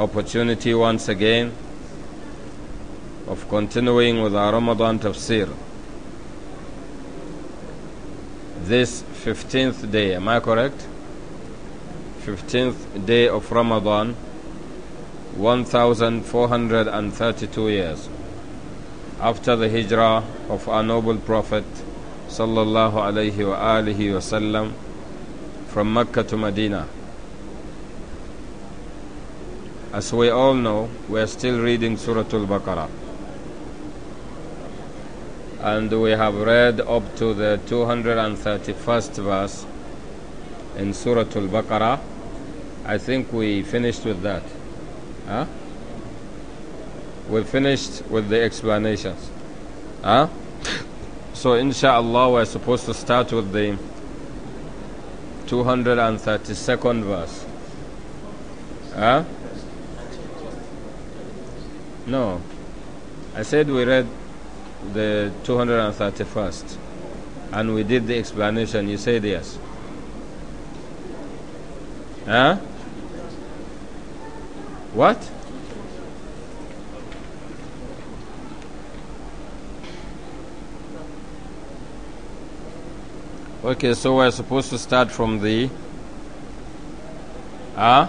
opportunity once again of continuing with our Ramadan tafsir. This 15th day, am I correct? 15th day of Ramadan, 1432 years after the hijrah of our noble Prophet sallallahu alaihi wasallam from Mecca to Medina. As we all know, we are still reading Surah Al-Baqarah. And we have read up to the 231st verse in Surah Al-Baqarah. I think we finished with that. Huh? We finished with the explanations. Huh? So inshallah we're supposed to start with the 232nd verse. Huh? No. I said we read the 231st and we did the explanation. You said yes. Huh? What? Okay, so we're supposed to start from the. Huh?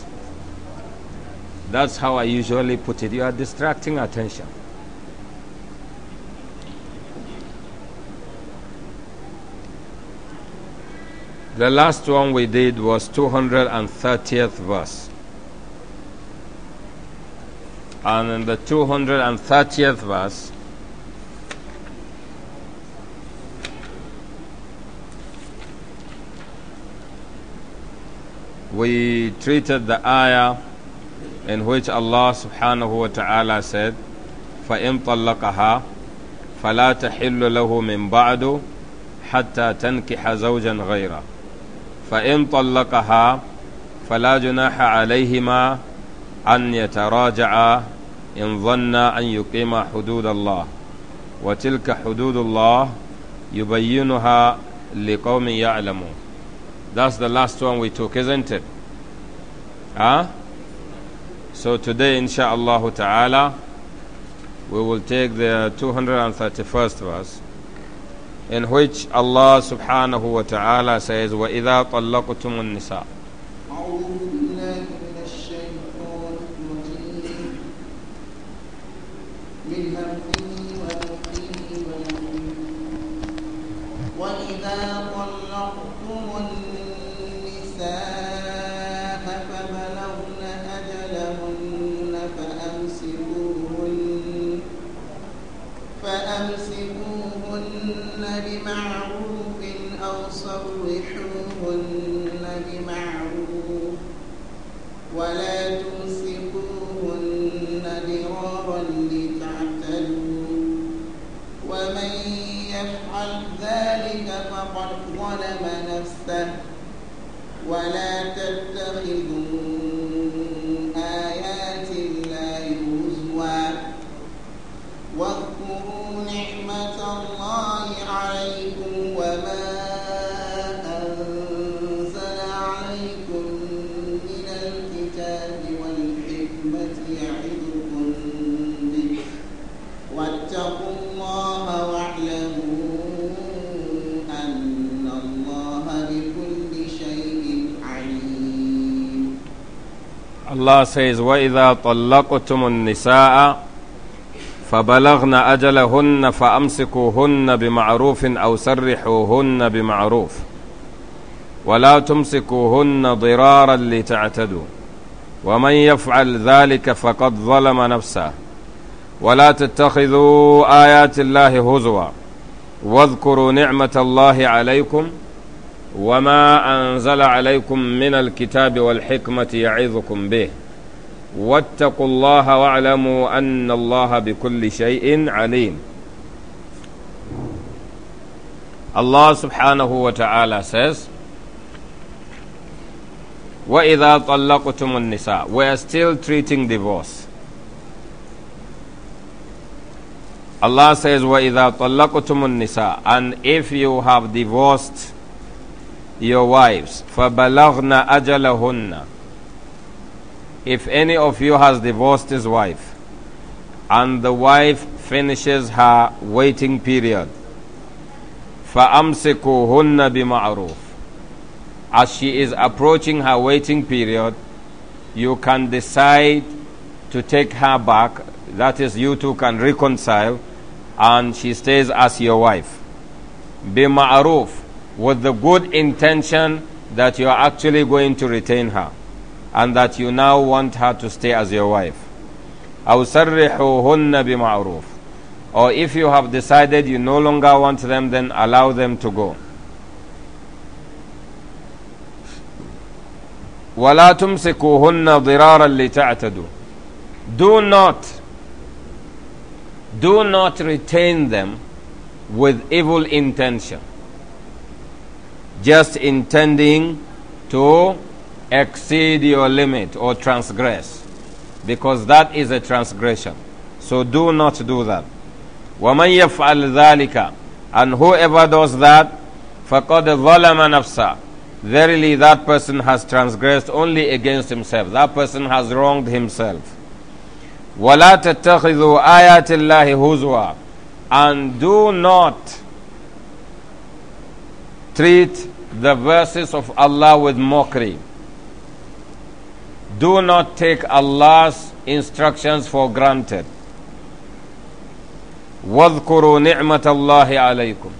That's how I usually put it. You are distracting attention. The last one we did was 230th verse. And in the 230th verse, we treated the ayah in which Allah subhanahu wa ta'ala said, فَإِن طَلَّقَهَا فَلَا تَحِلُّ لَهُ مِن بَعْدُ حَتَّى تَنْكِحَ زَوْجًا غَيْرَهُ فَإِن طَلَّقَهَا فَلَا جُنَاحَ عَلَيْهِمَا أَن يَتَرَاجَعَا إِن ظَنَّا أَن يُقِيمَا حُدُودَ اللَّهِ وَتِلْكَ حُدُودُ اللَّهِ يُبَيِّنُهَا لِقَوْمٍ يَعْلَمُونَ That's the last one we took, isn't it? Huh? So today, insha'Allah ta'ala, we will take the 231st verse in which Allah subhanahu wa ta'ala says, وَإِذَا طَلَّقْتُمُ النِّسَاءَ وإذا Allah says, وَإِذَا طَلَّقْتُمُ النِّسَاءَ فَبَلَغْنَ أَجَلَهُنَّ فَأَمْسِكُوهُنَّ بِمَعْرُوفٍ أَوْ سَرِّحُوهُنَّ بِمَعْرُوفٍ وَلَا تُمْسِكُوهُنَّ ضِرَارًا لِتَعْتَدُوا ومن يفعل ذلك فقد ظلم نفسه ولا تتخذوا آيات الله هزوا واذكروا نعمة الله عليكم وما أنزل عليكم من الكتاب والحكمة يعظكم به واتقوا الله واعلموا ان الله بكل شيء عليم الله سبحانه وتعالى says واذا طلقتم النساء we are still treating divorce Allah says واذا طلقتم النساء and if you have divorced your wives فبلغنا اجلهن If any of you has divorced his wife, and the wife finishes her waiting period, فَأَمْسِكُهُنَّ بِمَعْرُوفٍ As she is approaching her waiting period, you can decide to take her back. That is, you two can reconcile, and she stays as your wife. بِمَعْرُوفٍ With the good intention that you are actually going to retain her and that you now want her to stay as your wife. أو سرحوهن بمعروف Or if you have decided you no longer want them, then allow them to go. ولا تمسكوهن ضرارا لتعتدوا Do not do not retain them with evil intention just intending to exceed your limit or transgress because that is a transgression. So do not do that. وَمَنْ يَفْعَلْ ذَلِكَ And whoever does that, فَقَدْ ظَلَمَ نَفْسَهُ Verily that person has transgressed only against himself. That person has wronged himself. وَلَا تَتَّخِذُوا آيَاتِ اللَّهِ هُزْوًا And do not treat the verses of Allah with mockery. Do not take Allah's instructions for granted. وذكروا نِعْمَةَ اللَّهِ عَلَيْكُمْ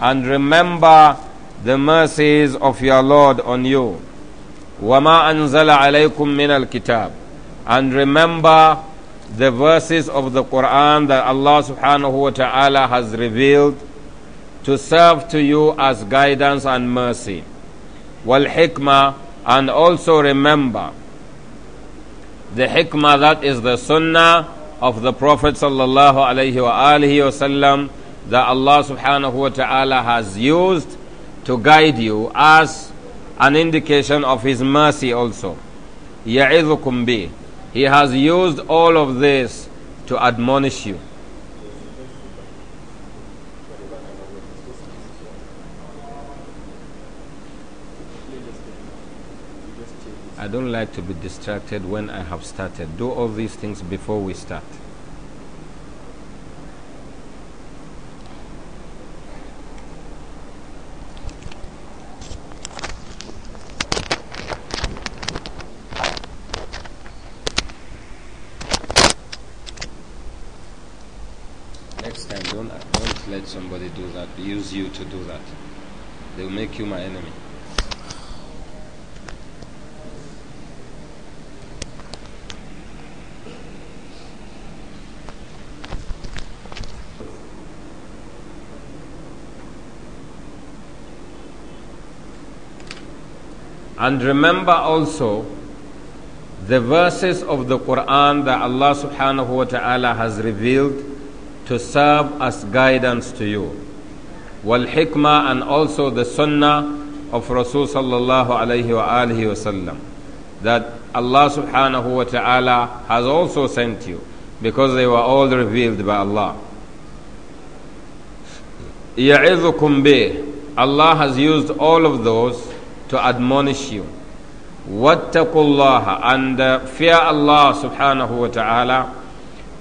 And remember the mercies of your Lord on you. وَمَا أَنزَلَ عَلَيْكُم مِّنَ الْكِتَابِ And remember the verses of the Quran that Allah subhanahu wa ta'ala has revealed to serve to you as guidance and mercy. وَالْحِكْمَةِ And also remember the hikmah that is the sunnah of the Prophet sallallahu alayhi wa alihi wasallam that Allah subhanahu wa ta'ala has used to guide you as an indication of His mercy also. يَعِذُكُمْ بِهِ He has used all of this to admonish you. I don't like to be distracted when I have started. Do all these things before we start. Next time, don't, don't let somebody do that, use you to do that. They'll make you my enemy. And remember also the verses of the Quran that Allah subhanahu wa ta'ala has revealed to serve as guidance to you. Wal hikmah and also the sunnah of Rasul sallallahu alayhi wa alihi wasallam that Allah subhanahu wa ta'ala has also sent you because they were all revealed by Allah. يعظكم به Allah has used all of those to admonish you. وَاتَّقُوا اللَّهَ And uh, fear Allah subhanahu wa ta'ala.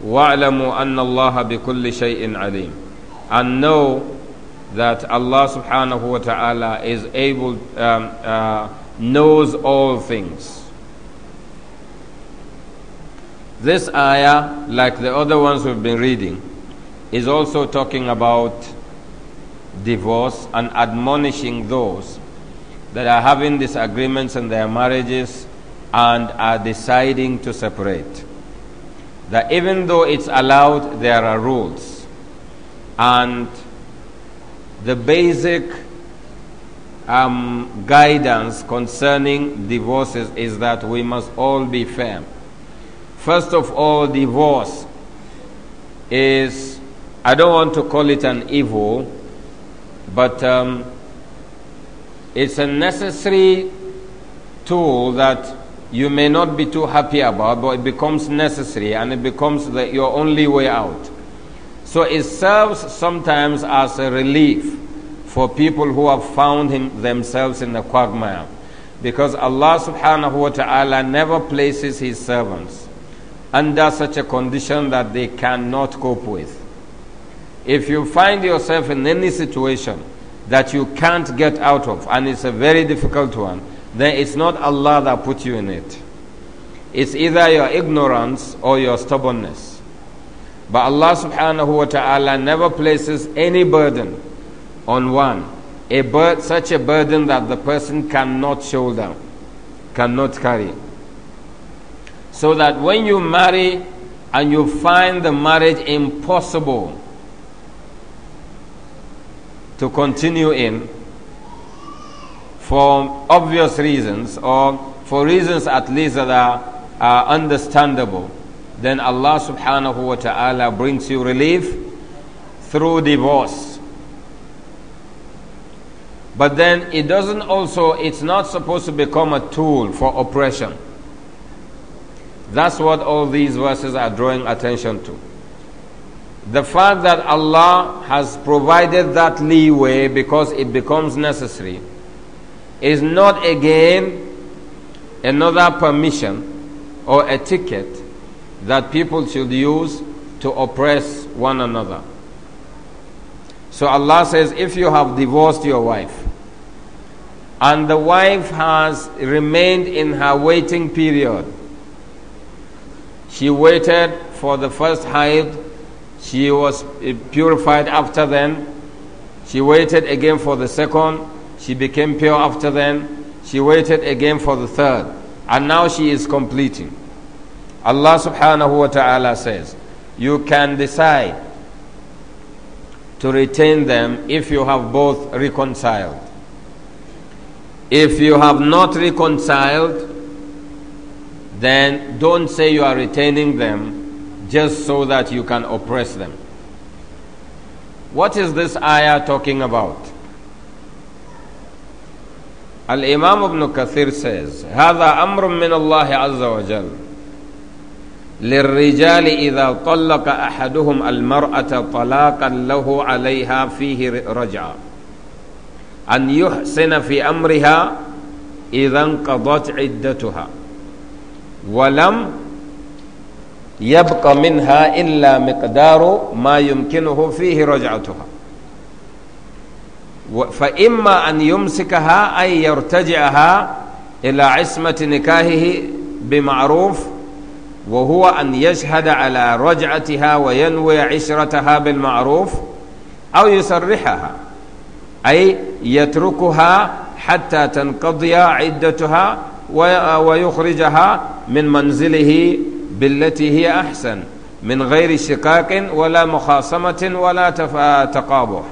وَاعْلَمُوا أَنَّ اللَّهَ بِكُلِّ شَيْءٍ عَلِيمٍ And know that Allah subhanahu wa ta'ala is able, um, uh, knows all things. This ayah, like the other ones we've been reading, is also talking about divorce and admonishing those that are having disagreements in their marriages and are deciding to separate. That even though it's allowed, there are rules. And the basic um, guidance concerning divorces is that we must all be firm. First of all, divorce is, I don't want to call it an evil, but um, it's a necessary tool that you may not be too happy about, but it becomes necessary and it becomes the, your only way out. So it serves sometimes as a relief for people who have found him, themselves in the quagmire. Because Allah subhanahu wa ta'ala never places his servants under such a condition that they cannot cope with. If you find yourself in any situation, that you can't get out of, and it's a very difficult one, then it's not Allah that put you in it. It's either your ignorance or your stubbornness. But Allah subhanahu wa ta'ala never places any burden on one, a bur- such a burden that the person cannot shoulder, cannot carry. So that when you marry and you find the marriage impossible, to continue in for obvious reasons or for reasons at least that are, are understandable, then Allah subhanahu wa ta'ala brings you relief through divorce. But then it doesn't also, it's not supposed to become a tool for oppression. That's what all these verses are drawing attention to the fact that Allah has provided that leeway because it becomes necessary is not again another permission or a ticket that people should use to oppress one another. So Allah says, if you have divorced your wife and the wife has remained in her waiting period, she waited for the first Hayd she was eh, purified after then. She waited again for the second. She became pure after then. She waited again for the third. And now she is completing. Allah subhanahu wa ta'ala says, You can decide to retain them if you have both reconciled. If you have not reconciled, then don't say you are retaining them just so that you can oppress them. What is this ayah talking about? Al Imam ibn Kathir says, هذا أمر من الله عز وجل للرجال إذا طلق أحدهم المرأة طلاقا له عليها فيه رجعة أن يحسن في أمرها إذا انقضت عدتها ولم يبقى منها إلا مقدار ما يمكنه فيه رجعتها فإما أن يمسكها أي يرتجعها إلى عصمة نكاهه بمعروف وهو أن يشهد على رجعتها وينوي عشرتها بالمعروف أو يسرحها أي يتركها حتى تنقضي عدتها ويخرجها من منزله بالتي هي أحسن من غير شقاق ولا مخاصمة ولا تقابح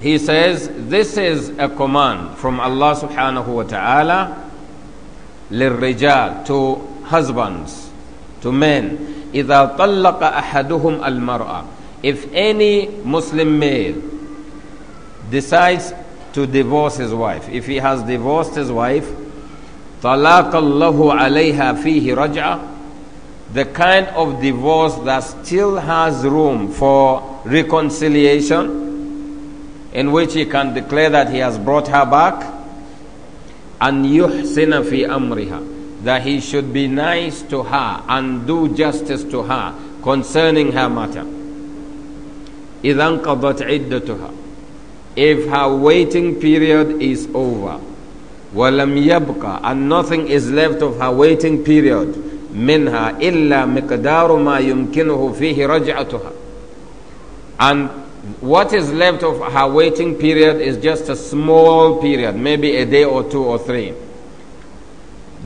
He says this is a command from Allah subhanahu wa ta'ala للرجال to husbands to men إذا طلق أحدهم المرأة if any Muslim male decides to divorce his wife if he has divorced his wife طَلَاقَ اللَّهُ عَلَيْهَا فِيهِ the kind of divorce that still has room for reconciliation, in which he can declare that he has brought her back, and yuhsina fi amriha, that he should be nice to her and do justice to her concerning her matter. إِذَا انْقَضَتْ If her waiting period is over, وَلَمْ And nothing is left of her waiting period منها إلا مقدار ما يمكنه فيه رجعتها And what is left of her waiting period is just a small period, maybe a day or two or three,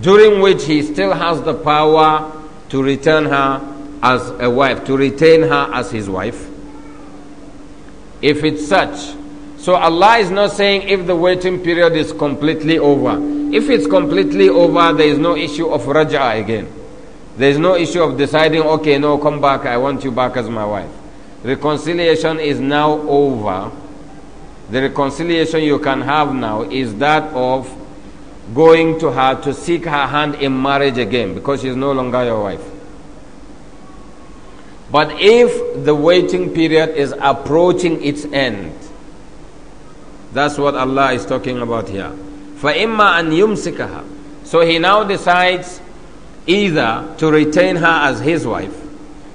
during which he still has the power to return her as a wife, to retain her as his wife. If it's such so Allah is not saying if the waiting period is completely over. If it's completely over, there is no issue of raja again. There is no issue of deciding, okay, no, come back, I want you back as my wife. Reconciliation is now over. The reconciliation you can have now is that of going to her to seek her hand in marriage again because she's no longer your wife. But if the waiting period is approaching its end, that's what Allah is talking about here. فَإِمَّا أَنْ يُمْسِكَهَا So he now decides either to retain her as his wife,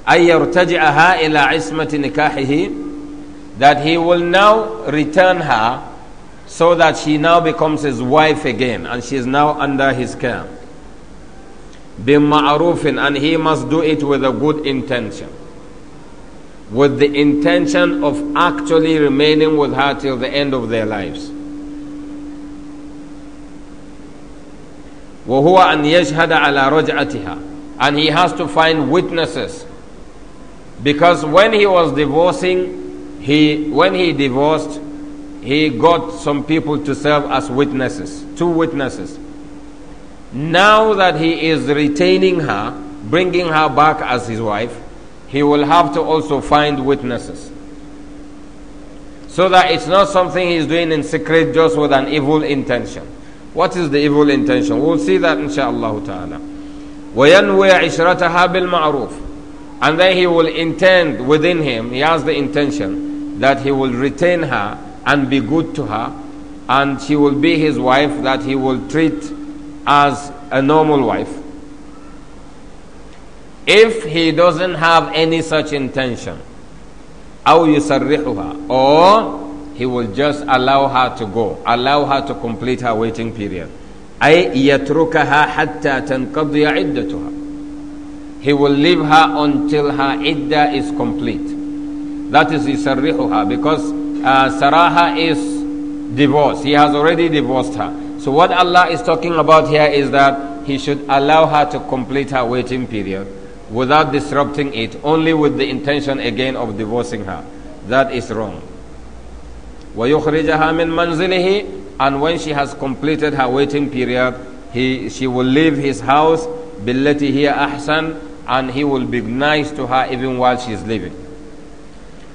أَن يَرْتَجِعَهَا إِلَىٰ عِصْمَةِ نِكَاحِهِ That he will now return her so that she now becomes his wife again and she is now under his care. بِمَعْرُوفٍ And he must do it with a good intention with the intention of actually remaining with her till the end of their lives. وهو على رجعتها and he has to find witnesses because when he was divorcing he when he divorced he got some people to serve as witnesses two witnesses now that he is retaining her bringing her back as his wife he will have to also find witnesses. So that it's not something he's doing in secret just with an evil intention. What is the evil intention? We'll see that inshaAllah ta'ala. وَيَنْوِي عِشْرَتَهَا بِالْمَعْرُوفِ And then he will intend within him, he has the intention that he will retain her and be good to her and she will be his wife that he will treat as a normal wife if he doesn't have any such intention أو يسرحها or he will just allow her to go allow her to complete her waiting period he will leave her until her idda is complete that is يسرحها because uh, Saraha is divorced he has already divorced her so what Allah is talking about here is that he should allow her to complete her waiting period without disrupting it, only with the intention again of divorcing her. That is wrong. وَيُخْرِجَهَا مِن manzilihi, And when she has completed her waiting period, he, she will leave his house بِالَّتِي هِيَ ahsan and he will be nice to her even while she is living.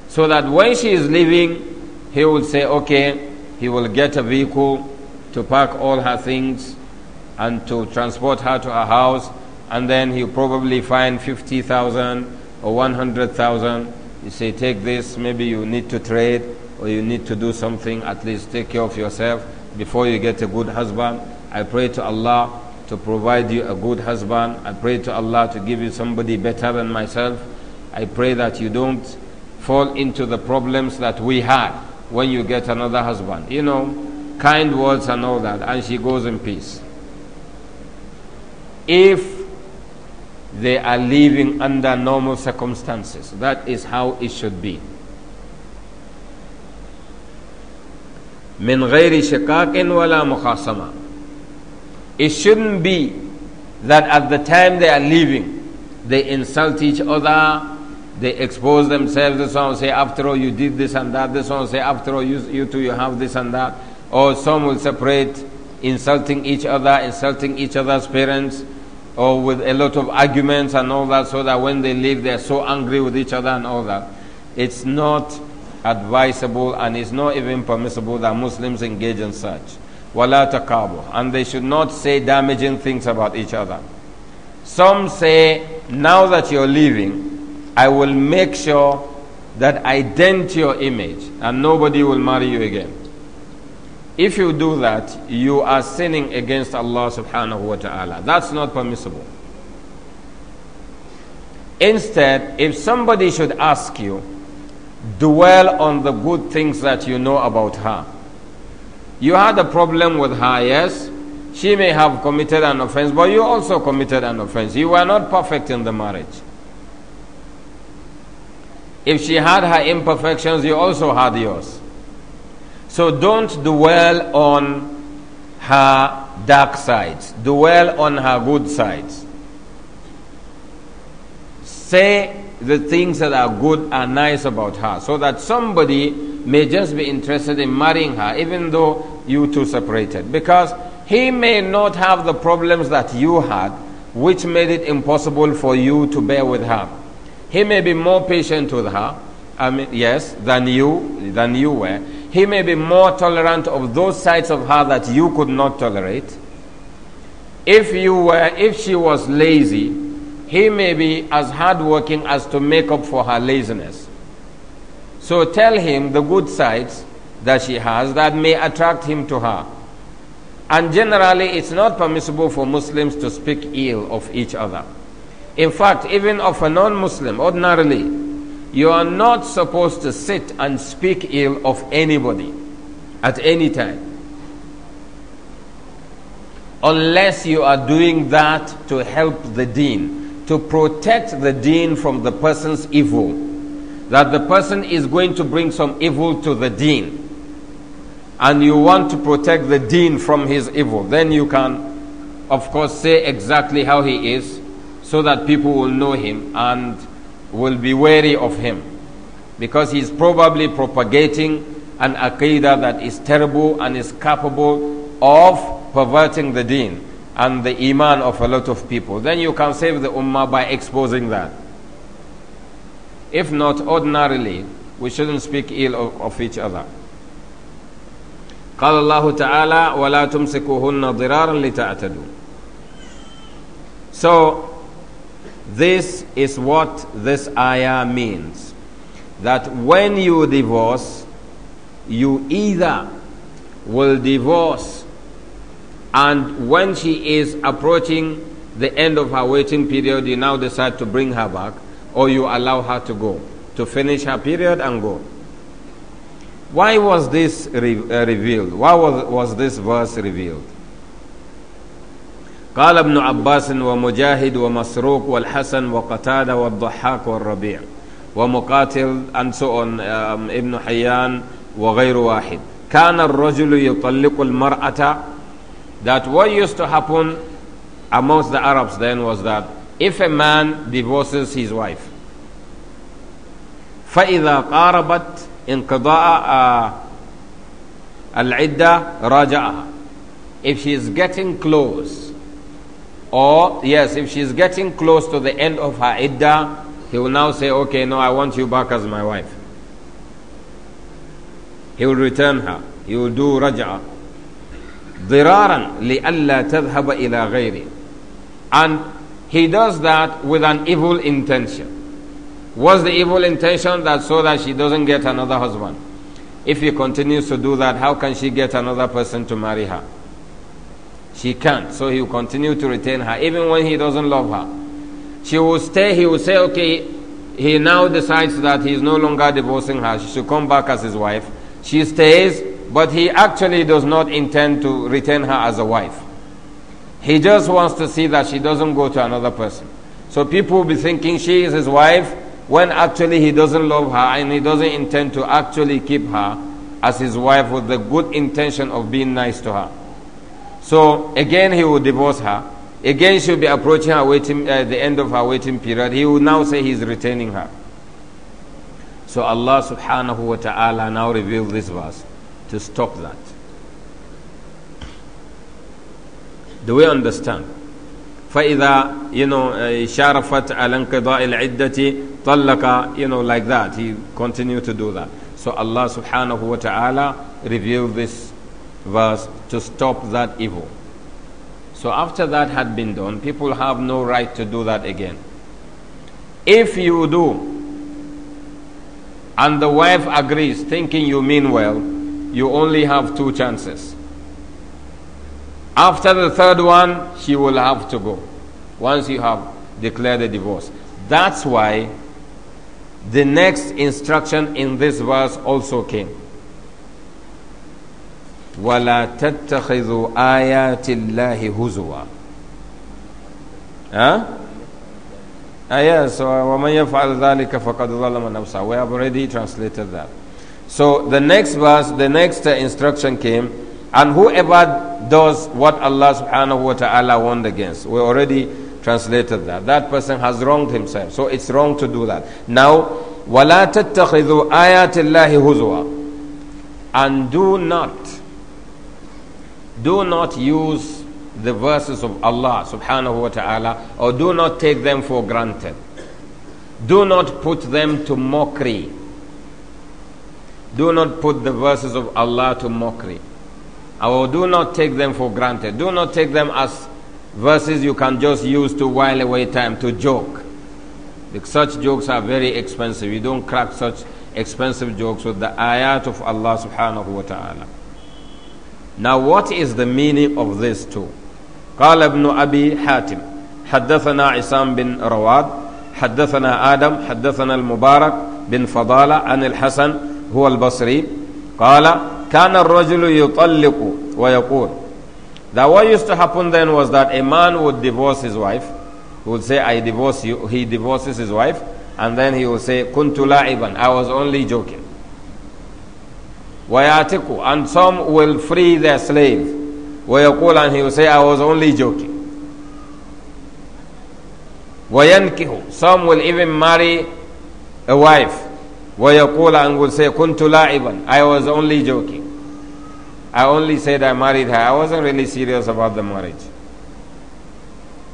So that when she is leaving, he will say, okay, he will get a vehicle to pack all her things and to transport her to her house and then he'll probably find 50,000 or 100,000. You say, take this, maybe you need to trade or you need to do something, at least take care of yourself before you get a good husband. I pray to Allah to provide you a good husband. I pray to Allah to give you somebody better than myself. I pray that you don't fall into the problems that we had when you get another husband. You know, kind words and all that. And she goes in peace. If they are living under normal circumstances. That is how it should be. من غير شقاق ولا مخاصمة It shouldn't be that at the time they are leaving, they insult each other, they expose themselves, this one say, after all you did this and that, this one say, after all you, you two you have this and that, or some will separate, insulting each other, insulting each other's parents, or with a lot of arguments and all that, so that when they leave, they're so angry with each other and all that. It's not advisable and it's not even permissible that Muslims engage in such. Wala takabu. And they should not say damaging things about each other. Some say, now that you're leaving, I will make sure that I dent your image and nobody will marry you again. If you do that, you are sinning against Allah subhanahu wa ta'ala. That's not permissible. Instead, if somebody should ask you, dwell on the good things that you know about her. You had a problem with her, yes? She may have committed an offense, but you also committed an offense. You were not perfect in the marriage. If she had her imperfections, you also had yours. So don't dwell on her dark sides, dwell on her good sides. Say the things that are good and nice about her so that somebody may just be interested in marrying her, even though you two separated. Because he may not have the problems that you had, which made it impossible for you to bear with her. He may be more patient with her, I mean, yes, than you, than you were. He may be more tolerant of those sides of her that you could not tolerate. If you were, if she was lazy, he may be as hardworking as to make up for her laziness. So tell him the good sides that she has that may attract him to her. And generally, it's not permissible for Muslims to speak ill of each other. In fact, even of a non Muslim, ordinarily, you are not supposed to sit and speak ill of anybody at any time. Unless you are doing that to help the deen, to protect the deen from the person's evil, that the person is going to bring some evil to the deen, and you want to protect the deen from his evil, then you can, of course, say exactly how he is so that people will know him and will be wary of him because he is probably propagating an aqidah that is terrible and is capable of perverting the deen and the iman of a lot of people. Then you can save the ummah by exposing that. If not, ordinarily, we shouldn't speak ill of, of each other. قال الله تعالى ولا تمسكوهن ضرارا لتعتدوا so this is what this ayah means that when you divorce, you either will divorce, and when she is approaching the end of her waiting period, you now decide to bring her back, or you allow her to go, to finish her period and go. Why was this re- uh, revealed? Why was, was this verse revealed? قال ابن عباس ومجاهد ومسروق والحسن وقتادة والضحاك والربيع ومقاتل and um، ابن حيان وغير واحد كان الرجل يطلق المرأة that what used to happen amongst the Arabs then was that if a man divorces his wife فإذا قاربت انقضاء آه، العدة راجعها if she is getting close Or, yes, if she is getting close to the end of her iddah, he will now say, okay, no, I want you back as my wife. He will return her. He will do raj'ah. ضرارا لئلا تذهب إلى غيره. And he does that with an evil intention. What's the evil intention? That so that she doesn't get another husband. If he continues to do that, how can she get another person to marry her? She can't, so he will continue to retain her even when he doesn't love her. She will stay, he will say, okay, he now decides that he is no longer divorcing her, she should come back as his wife. She stays, but he actually does not intend to retain her as a wife. He just wants to see that she doesn't go to another person. So people will be thinking she is his wife when actually he doesn't love her and he doesn't intend to actually keep her as his wife with the good intention of being nice to her. So again, he will divorce her. Again, she'll be approaching her waiting, uh, the end of her waiting period. He will now say he's retaining her. So Allah subhanahu wa ta'ala now revealed this verse to stop that. Do we understand? فإذا you know uh, شارفت على انقضاء العدة طلق you know like that he continued to do that so Allah subhanahu wa ta'ala revealed this verse to stop that evil. So after that had been done, people have no right to do that again. If you do, and the wife agrees, thinking you mean well, you only have two chances. After the third one, she will have to go once you have declared a divorce. That's why the next instruction in this verse also came. وَلَا تَتَّخِذُوا آيَاتِ اللَّهِ هُزُوًا Huh? Ah, yes, so, وَمَنْ يَفْعَلْ ذَلِكَ فَقَدْ ظَلَمَ نَفْسَهُ We have already translated that. So the next verse, the next instruction came, and whoever does what Allah subhanahu wa ta'ala warned against, we already translated that. That person has wronged himself. So it's wrong to do that. Now, وَلَا تَتَّخِذُوا آيَاتِ اللَّهِ هُزُوًا And do not do not use the verses of Allah subhanahu wa ta'ala or do not take them for granted. Do not put them to mockery. Do not put the verses of Allah to mockery. Or do not take them for granted. Do not take them as verses you can just use to while away time, to joke. such jokes are very expensive. You don't crack such expensive jokes with the ayat of Allah subhanahu wa ta'ala. Now what is the meaning of these two? قال ابن أبي حاتم حدثنا عصام بن رواد حدثنا آدم حدثنا المبارك بن فضالة عن الحسن هو البصري قال كان الرجل يطلق ويقول That what used to happen then was that a man would divorce his wife. He would say, I divorce you. He divorces his wife. And then he would say, كنت لاعبا. I was only joking. وَيَعْتِقُ And some will free their slave. وَيَقُولُ And he will say, I was only joking. وَيَنْكِهُ Some will even marry a wife. وَيَقُولُ And will say, كُنْتُ even." I was only joking. I only said I married her. I wasn't really serious about the marriage.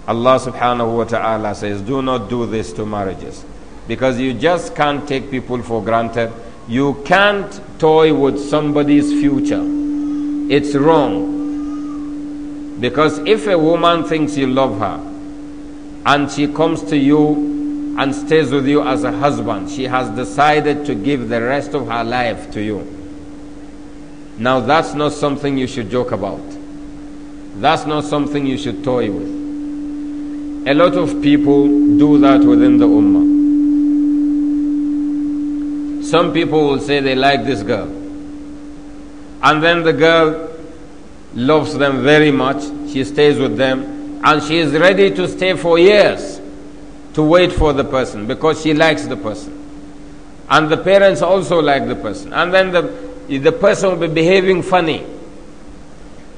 Allah subhanahu wa ta'ala says, do not do this to marriages. Because you just can't take people for granted you can't toy with somebody's future. It's wrong. Because if a woman thinks you love her and she comes to you and stays with you as a husband, she has decided to give the rest of her life to you. Now, that's not something you should joke about. That's not something you should toy with. A lot of people do that within the Ummah. Some people will say they like this girl. And then the girl loves them very much. She stays with them. And she is ready to stay for years to wait for the person because she likes the person. And the parents also like the person. And then the, the person will be behaving funny.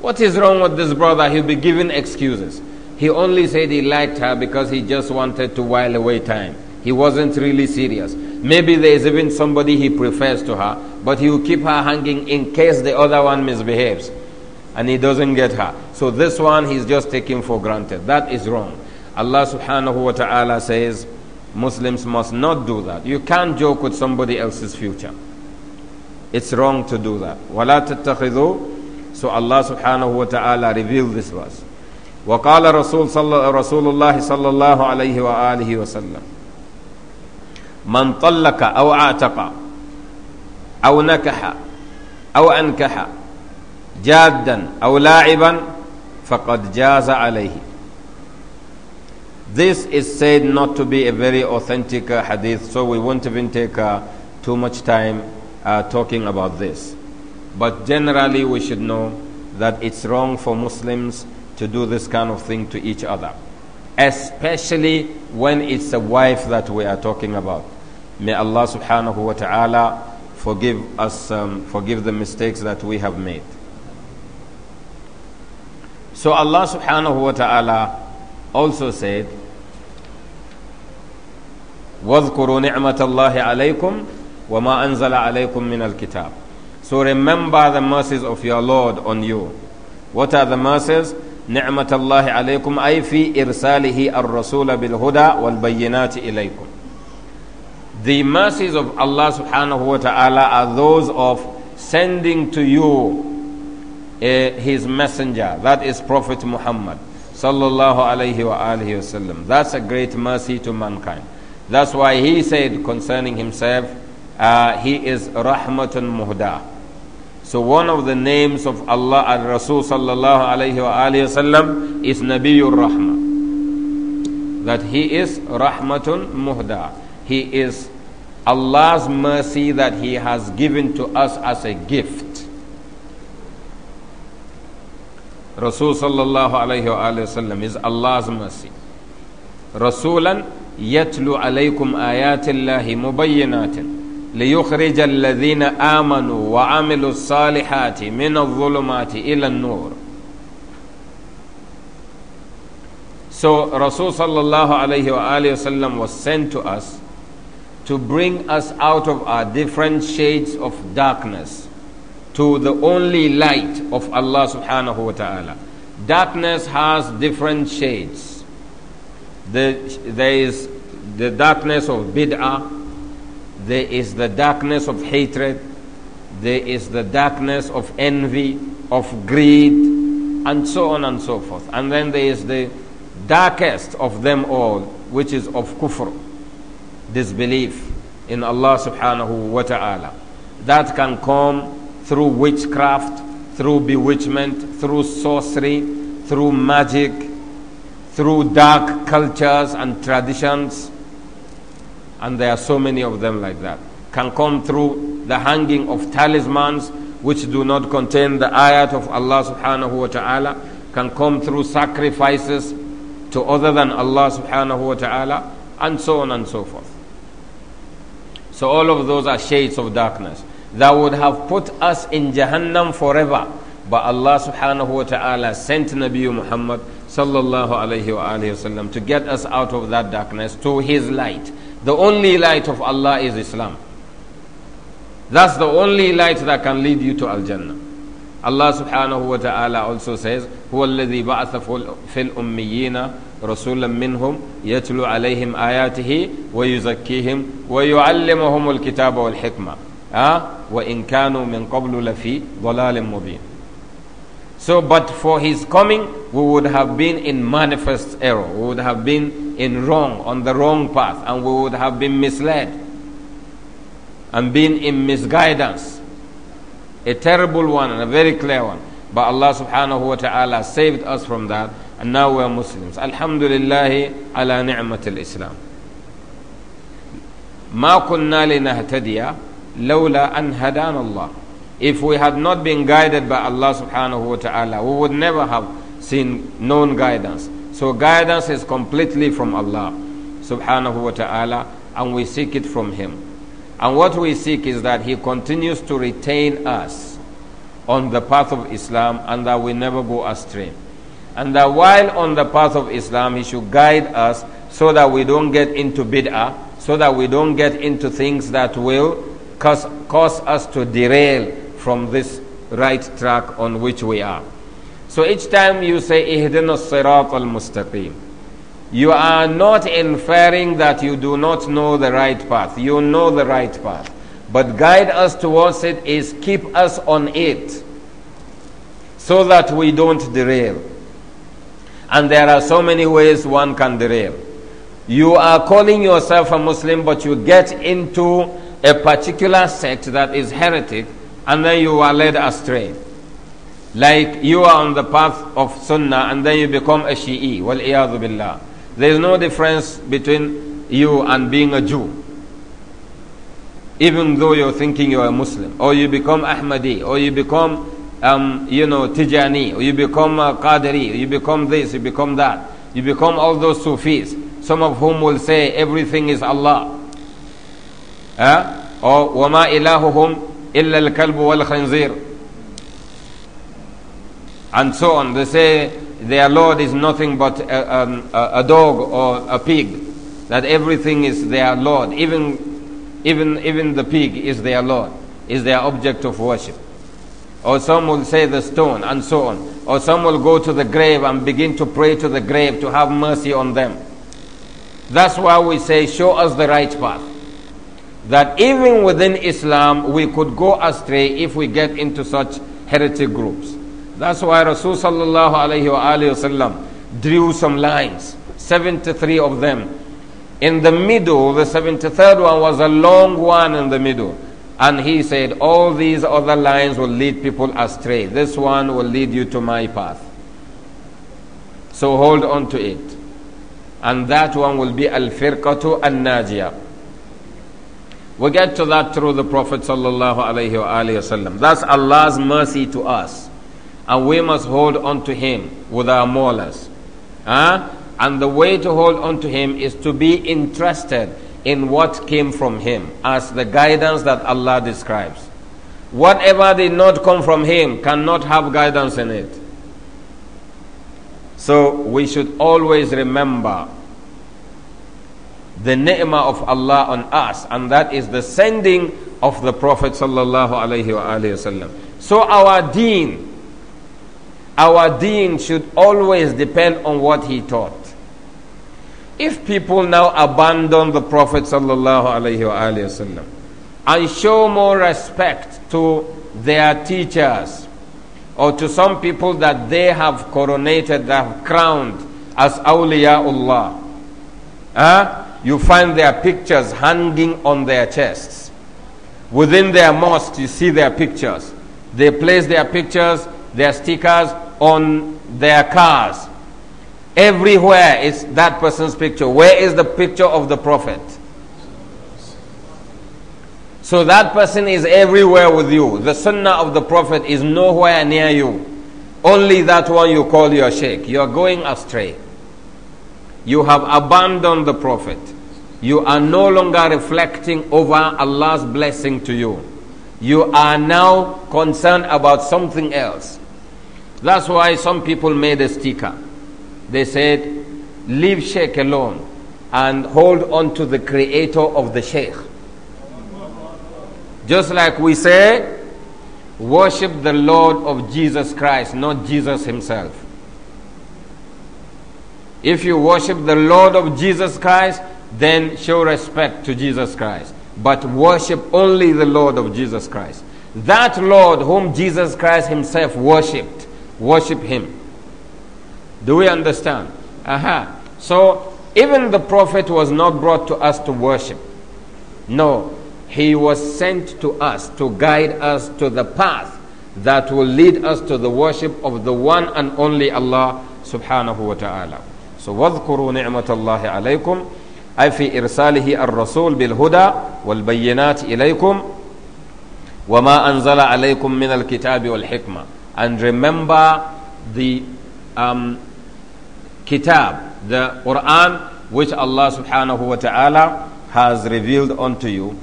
What is wrong with this brother? He'll be giving excuses. He only said he liked her because he just wanted to while away time. He wasn't really serious. Maybe there is even somebody he prefers to her, but he will keep her hanging in case the other one misbehaves and he doesn't get her. So this one he's just taking for granted. That is wrong. Allah subhanahu wa ta'ala says Muslims must not do that. You can't joke with somebody else's future. It's wrong to do that. وَلَا تَتَّخِذُوا So Allah subhanahu wa ta'ala revealed this verse. وقال رسول, الله صلى الله عليه وآله وسلم من طلق أو أعتق أو نكح أو أنكح جادا أو لاعبا فقد جاز عليه This is said not to be a very authentic uh, hadith, so we won't even take uh, too much time uh, talking about this. But generally, we should know that it's wrong for Muslims to do this kind of thing to each other especially when it's a wife that we are talking about. May Allah subhanahu wa ta'ala forgive us, um, forgive the mistakes that we have made. So Allah subhanahu wa ta'ala also said, واذكروا نعمة الله عليكم وما أنزل عليكم من الكتاب. So remember the mercies of your Lord on you. What are the mercies? نعمة الله عليكم أي في إرساله الرسول بالهدى والبينات إليكم The mercies of Allah subhanahu wa ta'ala are those of sending to you uh, His messenger, that is Prophet Muhammad sallallahu alayhi wa alihi wasallam. That's a great mercy to mankind. That's why he said concerning himself, uh, he is rahmatun muhda. So one of the names of Allah and Rasul sallallahu alayhi wa sallam is Nabiyur Rahma. That he is Rahmatun Muhda. He is Allah's mercy that he has given to us as a gift. Rasul sallallahu alayhi wa sallam is Allah's mercy. Rasulan yatlu alaykum ayatillahi mubayyinatin. ليخرج الذين آمنوا وعملوا الصالحات من الظلمات إلى النور So Rasul sallallahu alayhi wa was sent to us to bring us out of our different shades of darkness to the only light of Allah subhanahu wa ta'ala. Darkness has different shades. The, there is the darkness of bid'ah, there is the darkness of hatred. There is the darkness of envy, of greed, and so on and so forth. And then there is the darkest of them all, which is of kufr, disbelief in Allah subhanahu wa ta'ala. That can come through witchcraft, through bewitchment, through sorcery, through magic, through dark cultures and traditions and there are so many of them like that, can come through the hanging of talismans which do not contain the ayat of Allah subhanahu wa ta'ala, can come through sacrifices to other than Allah subhanahu wa ta'ala, and so on and so forth. So all of those are shades of darkness that would have put us in Jahannam forever. But Allah subhanahu wa ta'ala sent Nabi Muhammad sallallahu alayhi wa to get us out of that darkness to his light. The only light of Allah is Islam. That's the only light that can lead you to Al Jannah. Allah subhanahu wa ta'ala also says, هو الذي بعث في الأميين رسولا منهم يتلو عليهم آياته ويزكيهم ويعلمهم الكتاب والحكمة أه؟ وإن كانوا من قبل لفي ضلال مبين so, but for his coming, we would have been in manifest error. We would have been in wrong, on the wrong path, and we would have been misled and been in misguidance. A terrible one and a very clear one. But Allah subhanahu wa ta'ala saved us from that, and now we are Muslims. Alhamdulillah ala al Islam. ما كنا لنهتدي لولا أن هدانا Allah if we had not been guided by Allah subhanahu wa ta'ala, we would never have seen known guidance. So guidance is completely from Allah subhanahu wa ta'ala and we seek it from Him. And what we seek is that He continues to retain us on the path of Islam and that we never go astray. And that while on the path of Islam, He should guide us so that we don't get into bid'ah, so that we don't get into things that will cause, cause us to derail from this right track on which we are. So each time you say Ihdina Sirat al Mustaqim, you are not inferring that you do not know the right path. You know the right path. But guide us towards it is keep us on it so that we don't derail. And there are so many ways one can derail. You are calling yourself a Muslim, but you get into a particular sect that is heretic and then you are led astray. Like you are on the path of Sunnah and then you become a Shi'i. Wal billah. There is no difference between you and being a Jew. Even though you're thinking you're a Muslim, or you become Ahmadi, or you become, um, you know, Tijani, or you become a uh, Qadiri, you become this, you become that, you become all those Sufis, some of whom will say everything is Allah. Huh? Or, وَمَا إِلَهُهُمْ إلا الكلب والخنزير and so on. They say their Lord is nothing but a, um, a, a, dog or a pig. That everything is their Lord. Even, even, even the pig is their Lord, is their object of worship. Or some will say the stone and so on. Or some will go to the grave and begin to pray to the grave to have mercy on them. That's why we say, show us the right path that even within Islam we could go astray if we get into such heretic groups. That's why Rasulullah sallallahu drew some lines, 73 of them. In the middle, the 73rd one was a long one in the middle. And he said, All these other lines will lead people astray. This one will lead you to my path. So hold on to it. And that one will be Al Firqatu An Najiyah we get to that through the Prophet sallallahu That's Allah's mercy to us. And we must hold on to Him with our molars. Huh? And the way to hold on to Him is to be interested in what came from Him as the guidance that Allah describes. Whatever did not come from Him cannot have guidance in it. So we should always remember the ni'mah of Allah on us, and that is the sending of the Prophet sallallahu alaihi wasallam. So our deen, our deen should always depend on what he taught. If people now abandon the Prophet sallallahu alaihi wasallam and show more respect to their teachers or to some people that they have coronated, that have crowned as awliyaullah, huh? you find their pictures hanging on their chests. Within their mosques, you see their pictures. They place their pictures, their stickers on their cars. Everywhere is that person's picture. Where is the picture of the Prophet? So that person is everywhere with you. The sunnah of the Prophet is nowhere near you. Only that one you call your sheikh. You are going astray. You have abandoned the Prophet. You are no longer reflecting over Allah's blessing to you. You are now concerned about something else. That's why some people made a sticker. They said, Leave Sheikh alone and hold on to the creator of the Sheikh. Just like we say, worship the Lord of Jesus Christ, not Jesus himself. If you worship the Lord of Jesus Christ, then show respect to Jesus Christ, but worship only the Lord of Jesus Christ. That Lord whom Jesus Christ himself worshipped, worship him. Do we understand? Aha. So, even the prophet was not brought to us to worship. No, he was sent to us to guide us to the path that will lead us to the worship of the one and only Allah subhanahu wa ta'ala. So, وَاذْكُرُوا نِعْمَةَ اللَّهِ عَلَيْكُمْ أي في إرساله الرسول بالهدى والبينات إليكم وما أنزل عليكم من الكتاب والحكمة and remember the um, kitab the Quran which Allah subhanahu wa ta'ala has revealed unto you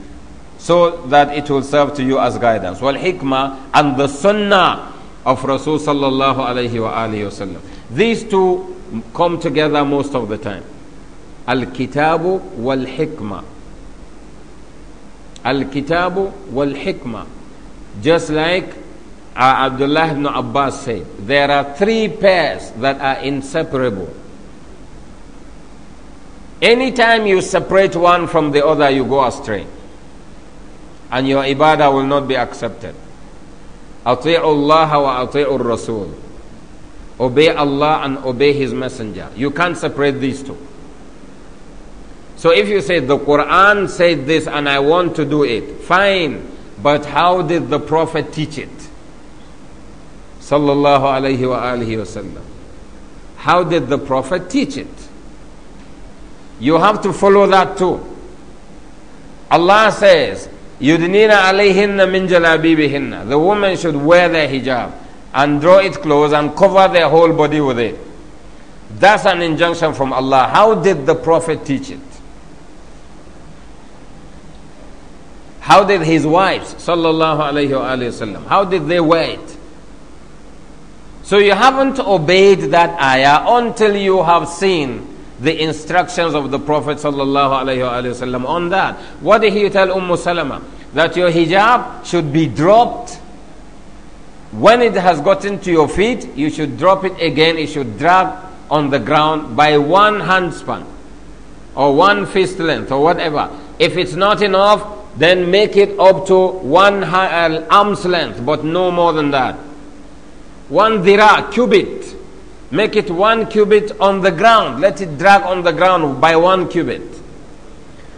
so that it will serve to you as guidance wal hikmah and the sunnah of Rasul sallallahu alayhi wa alihi wasallam these two come together most of the time al والحكمة. wal-Hikmah. Al-Kitabu wal-Hikmah. Just like uh, Abdullah ibn Abbas said, there are three pairs that are inseparable. Anytime you separate one from the other, you go astray. And your ibadah will not be accepted. أطيعوا الله وأطيعوا الرسول. Obey Allah and obey His Messenger. You can't separate these two. So if you say the Quran said this and I want to do it, fine. But how did the Prophet teach it? Sallallahu alayhi wa wasallam. How did the Prophet teach it? You have to follow that too. Allah says, "Yudnina alayhinna min جَلَابِيبِهِنَّ The woman should wear their hijab and draw it close and cover their whole body with it. That's an injunction from Allah. How did the Prophet teach it? How did his wives, sallallahu alayhi wasallam, how did they wait? So you haven't obeyed that ayah until you have seen the instructions of the Prophet sallallahu alayhi wasallam on that. What did he tell Umm Salama? That your hijab should be dropped when it has gotten to your feet, you should drop it again. It should drag on the ground by one handspan or one fist length or whatever. If it's not enough, then make it up to one uh, arm's length, but no more than that. One dira, cubit. Make it one cubit on the ground. Let it drag on the ground by one cubit.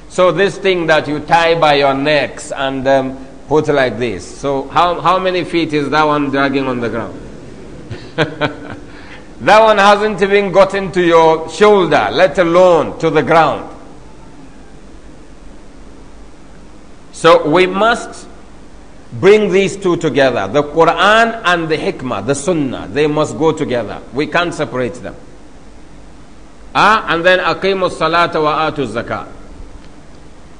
So this thing that you tie by your necks and um, put like this. So how, how many feet is that one dragging on the ground? that one hasn't even gotten to your shoulder, let alone to the ground. So we must bring these two together the Quran and the Hikmah, the Sunnah. They must go together. We can't separate them. Ah, and then Aqimus Salata wa Atu Zakah.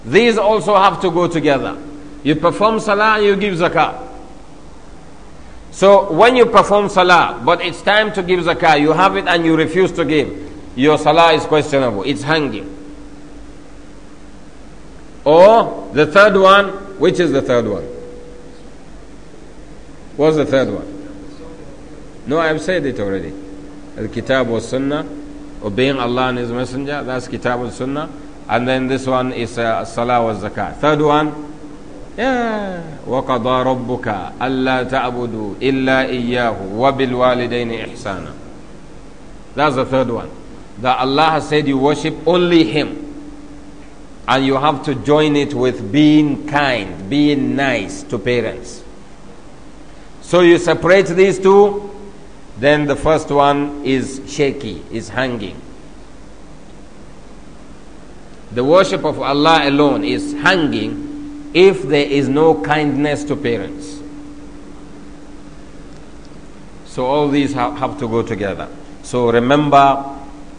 These also have to go together. You perform Salah, you give Zakat. So when you perform Salah, but it's time to give Zakat, you have it and you refuse to give, your Salah is questionable, it's hanging. Or the third one, which is the third one? What's the third one? No, I've said it already. Al Kitab was Sunnah, obeying Allah and His Messenger, that's Kitab was Sunnah. And then this one is uh, Salah wa Zakat. Third one, yeah. وقضى ربك ألا تعبدوا إلا إياه وبالوالدين إحسانا That's the third one. That Allah has said you worship only Him and you have to join it with being kind, being nice to parents. So you separate these two, then the first one is shaky, is hanging. The worship of Allah alone is hanging if there is no kindness to parents. So all these have to go together. So remember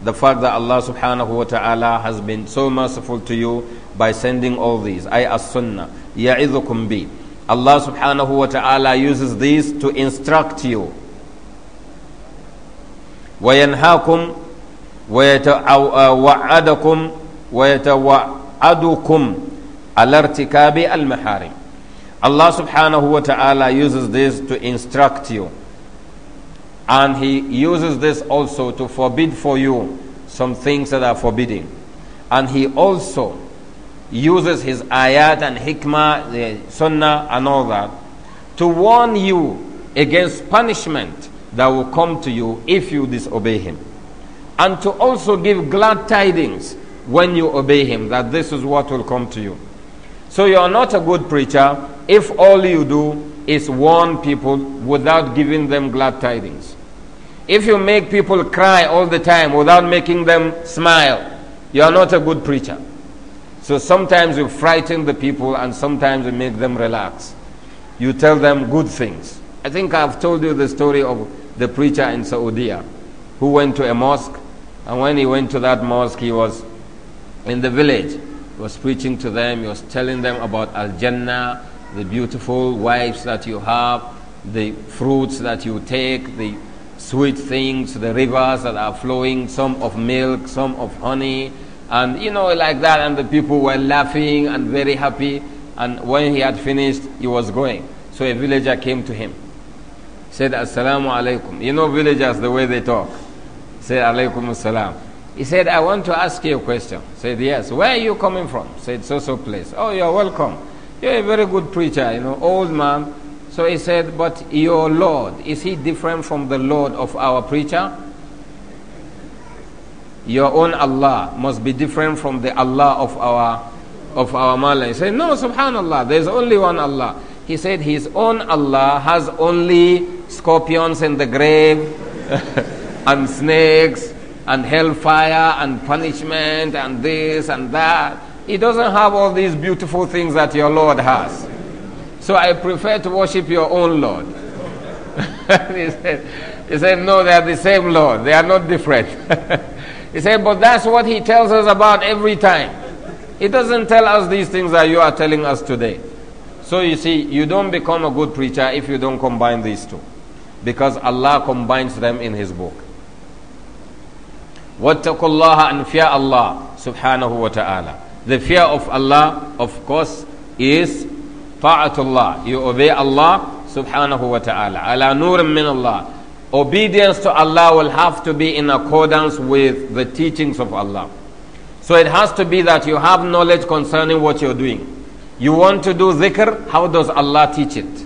the fact that Allah subhanahu wa ta'ala has been so merciful to you by sending all these. I as sunnah. Ya'idhukum bi. Allah subhanahu wa ta'ala uses these to instruct you. وَيَنْهَاكُمْ وَيَتَوَعَدَكُمْ وَيَتَوَعَدُكُمْ عَلَى ارْتِكَابِ الْمَحَارِمِ Allah subhanahu wa ta'ala uses this to instruct you and he uses this also to forbid for you some things that are forbidding. And he also uses his ayat and hikmah, the sunnah, and all that to warn you against punishment that will come to you if you disobey him. And to also give glad tidings when you obey him that this is what will come to you. So you are not a good preacher if all you do is warn people without giving them glad tidings. If you make people cry all the time without making them smile, you are not a good preacher. So sometimes you frighten the people and sometimes you make them relax. You tell them good things. I think I've told you the story of the preacher in Saudi who went to a mosque and when he went to that mosque he was in the village. He was preaching to them, he was telling them about Al Jannah, the beautiful wives that you have, the fruits that you take, the sweet things, the rivers that are flowing, some of milk, some of honey, and you know, like that. And the people were laughing and very happy. And when he had finished, he was going. So a villager came to him, said, Assalamu alaikum. You know, villagers, the way they talk. Said, Alaikum assalam. He said, I want to ask you a question. Said, Yes. Where are you coming from? Said, So so place. Oh, you're welcome. You're a very good preacher, you know, old man. So he said, But your Lord, is he different from the Lord of our preacher? Your own Allah must be different from the Allah of our of our Mala. He said, No, subhanallah, there's only one Allah. He said, His own Allah has only scorpions in the grave and snakes and hellfire and punishment and this and that. He doesn't have all these beautiful things that your Lord has. So I prefer to worship your own Lord. he, said, he said, No, they are the same Lord. They are not different. he said, But that's what he tells us about every time. He doesn't tell us these things that you are telling us today. So you see, you don't become a good preacher if you don't combine these two. Because Allah combines them in His book. What اللَّهَ and fear Allah subhanahu wa ta'ala. The fear of Allah, of course, is Ta'atullah. You obey Allah subhanahu wa ta'ala. Ala nurim min Allah. Obedience to Allah will have to be in accordance with the teachings of Allah. So it has to be that you have knowledge concerning what you're doing. You want to do zikr? how does Allah teach it?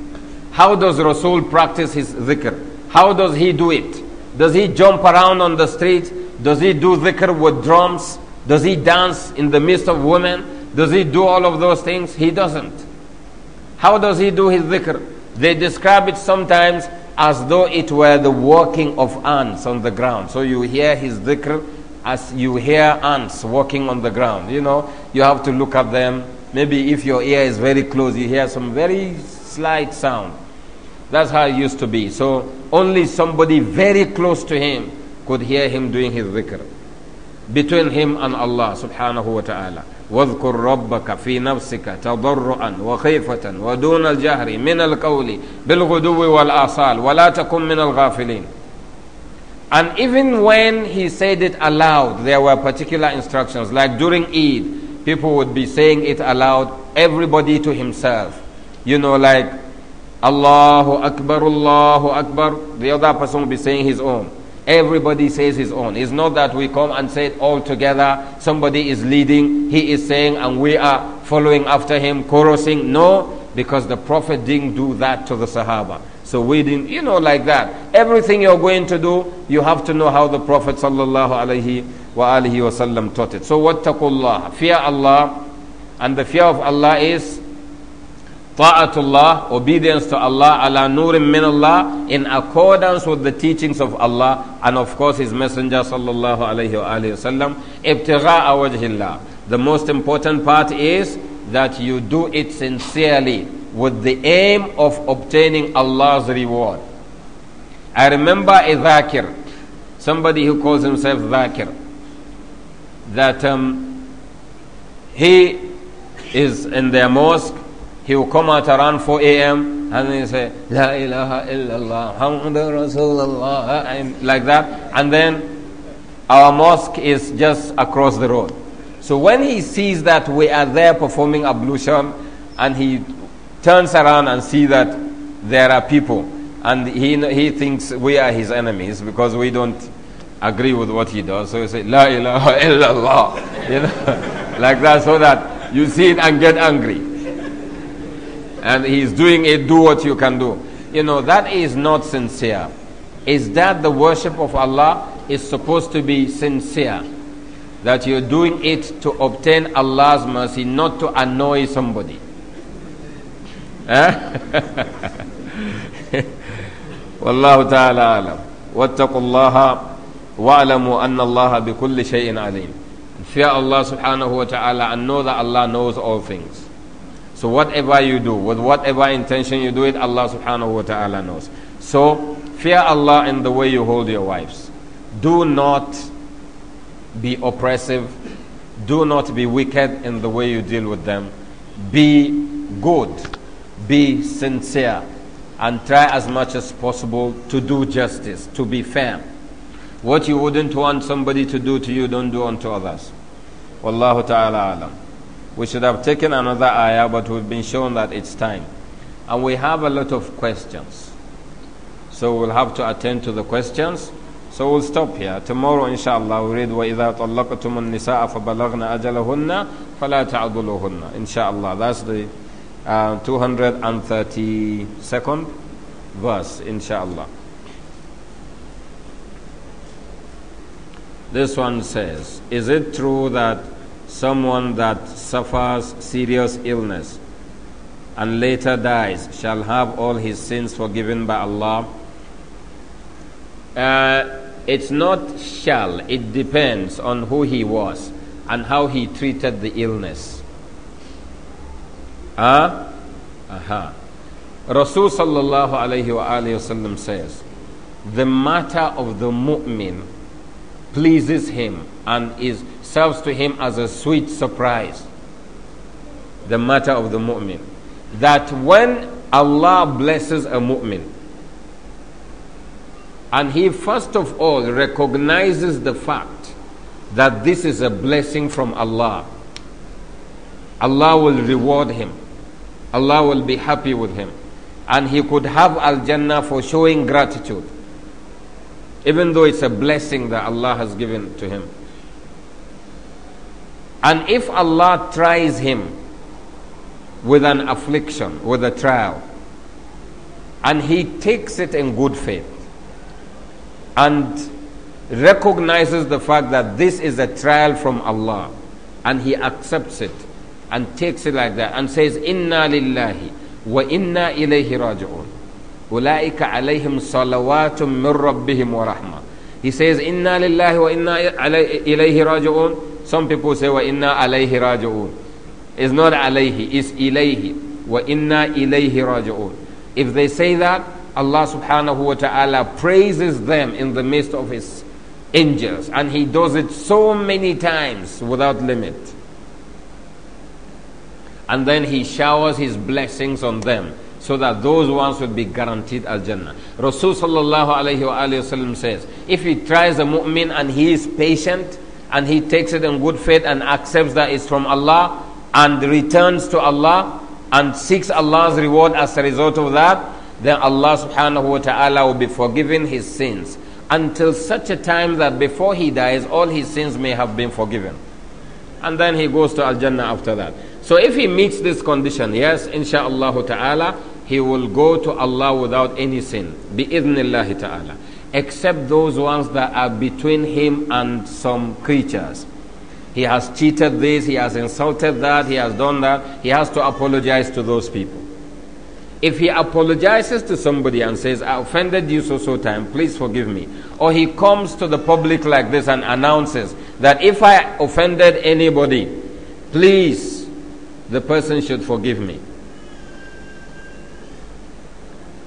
How does Rasul practice his zikr? How does he do it? Does he jump around on the street? Does he do zikr with drums? Does he dance in the midst of women? Does he do all of those things? He doesn't. How does he do his dhikr? They describe it sometimes as though it were the walking of ants on the ground. So you hear his dhikr as you hear ants walking on the ground. You know, you have to look at them. Maybe if your ear is very close, you hear some very slight sound. That's how it used to be. So only somebody very close to him could hear him doing his dhikr between him and Allah subhanahu wa ta'ala. واذكر ربك في نفسك تضرعا وخيفة ودون الجهر من القول بالغدو والآصال ولا تكن من الغافلين. And even when he said it aloud, there were particular instructions. Like during Eid, people would be saying it aloud, everybody to himself. You know, like Allahu Akbar, Allahu Akbar. The other person would be saying his own. Everybody says his own. It's not that we come and say it all together. Somebody is leading, he is saying, and we are following after him, chorusing. No, because the Prophet didn't do that to the Sahaba. So we didn't, you know, like that. Everything you're going to do, you have to know how the Prophet sallallahu alaihi wasallam taught it. So what taqullah? Fear Allah, and the fear of Allah is Ta'atullah, obedience to Allah, ala nurim min Allah, in accordance with the teachings of Allah and of course His Messenger sallallahu alayhi wa sallam. Ibtigha'a wajhillah. The most important part is that you do it sincerely with the aim of obtaining Allah's reward. I remember a dhakir, somebody who calls himself dhakir, that um, he is in their mosque he will come out around 4 a.m. and then say, La ilaha illallah, Muhammadur Rasulullah, like that. And then our mosque is just across the road. So when he sees that we are there performing ablution and he turns around and sees that there are people and he, he thinks we are his enemies because we don't agree with what he does. So he say, La ilaha illallah, you know, like that so that you see it and get angry and he's doing it, do what you can do. You know, that is not sincere. Is that the worship of Allah is supposed to be sincere? That you're doing it to obtain Allah's mercy, not to annoy somebody. والله تعالى أعلم واتقوا الله واعلموا أن الله بكل شيء عليم fear Allah subhanahu wa ta'ala and know that Allah knows all things so whatever you do, with whatever intention you do it, Allah subhanahu wa ta'ala knows. So fear Allah in the way you hold your wives. Do not be oppressive. Do not be wicked in the way you deal with them. Be good. Be sincere. And try as much as possible to do justice, to be fair. What you wouldn't want somebody to do to you, don't do unto others. Wallahu ta'ala alam. We should have taken another ayah, but we've been shown that it's time. And we have a lot of questions. So we'll have to attend to the questions. So we'll stop here. Tomorrow, inshallah, we read وَإِذَا طَلَّقْتُمُ النِّسَاءَ فَبَلَغْنَ أَجَلَهُنَّ فَلَا تَعْضُلُهُنَّ Inshallah. That's the uh, 232nd verse, inshallah. This one says, Is it true that someone that suffers serious illness and later dies shall have all his sins forgiven by Allah? Uh, it's not shall, it depends on who he was and how he treated the illness. Ah? Uh, Aha. Uh-huh. Rasul sallallahu alayhi wa alayhi says, The matter of the mu'min pleases him and is serves to him as a sweet surprise. The matter of the mu'min. That when Allah blesses a mu'min, and he first of all recognizes the fact that this is a blessing from Allah. Allah will reward him. Allah will be happy with him. And he could have Al Jannah for showing gratitude, even though it's a blessing that Allah has given to him. And if Allah tries him with an affliction, with a trial, and he takes it in good faith and recognizes the fact that this is a trial from Allah and he accepts it and takes it like that and says, Inna lillahi wa inna ilayhi raji'un. Ulaika alayhim salawatum min rabbihim wa rahma. He says, Inna lillahi wa inna ilayhi raji'un. Some people say, wa inna alayhi raji'un. It's not alayhi, it's ilayhi. Wa inna ilayhi raji'un. If they say that, Allah subhanahu wa ta'ala praises them in the midst of His angels. And He does it so many times without limit. And then He showers His blessings on them so that those ones would be guaranteed Al Jannah. Rasul sallallahu alayhi wa says, if he tries a mu'min and he is patient, and he takes it in good faith and accepts that it's from Allah and returns to Allah and seeks Allah's reward as a result of that, then Allah subhanahu wa ta'ala will be forgiving his sins until such a time that before he dies, all his sins may have been forgiven. And then he goes to Al Jannah after that. So if he meets this condition, yes, insha'Allah ta'ala, he will go to Allah without any sin. Bi ta'ala except those ones that are between him and some creatures. He has cheated this, he has insulted that, he has done that. He has to apologize to those people. If he apologizes to somebody and says, I offended you so so time, please forgive me. Or he comes to the public like this and announces that if I offended anybody, please, the person should forgive me.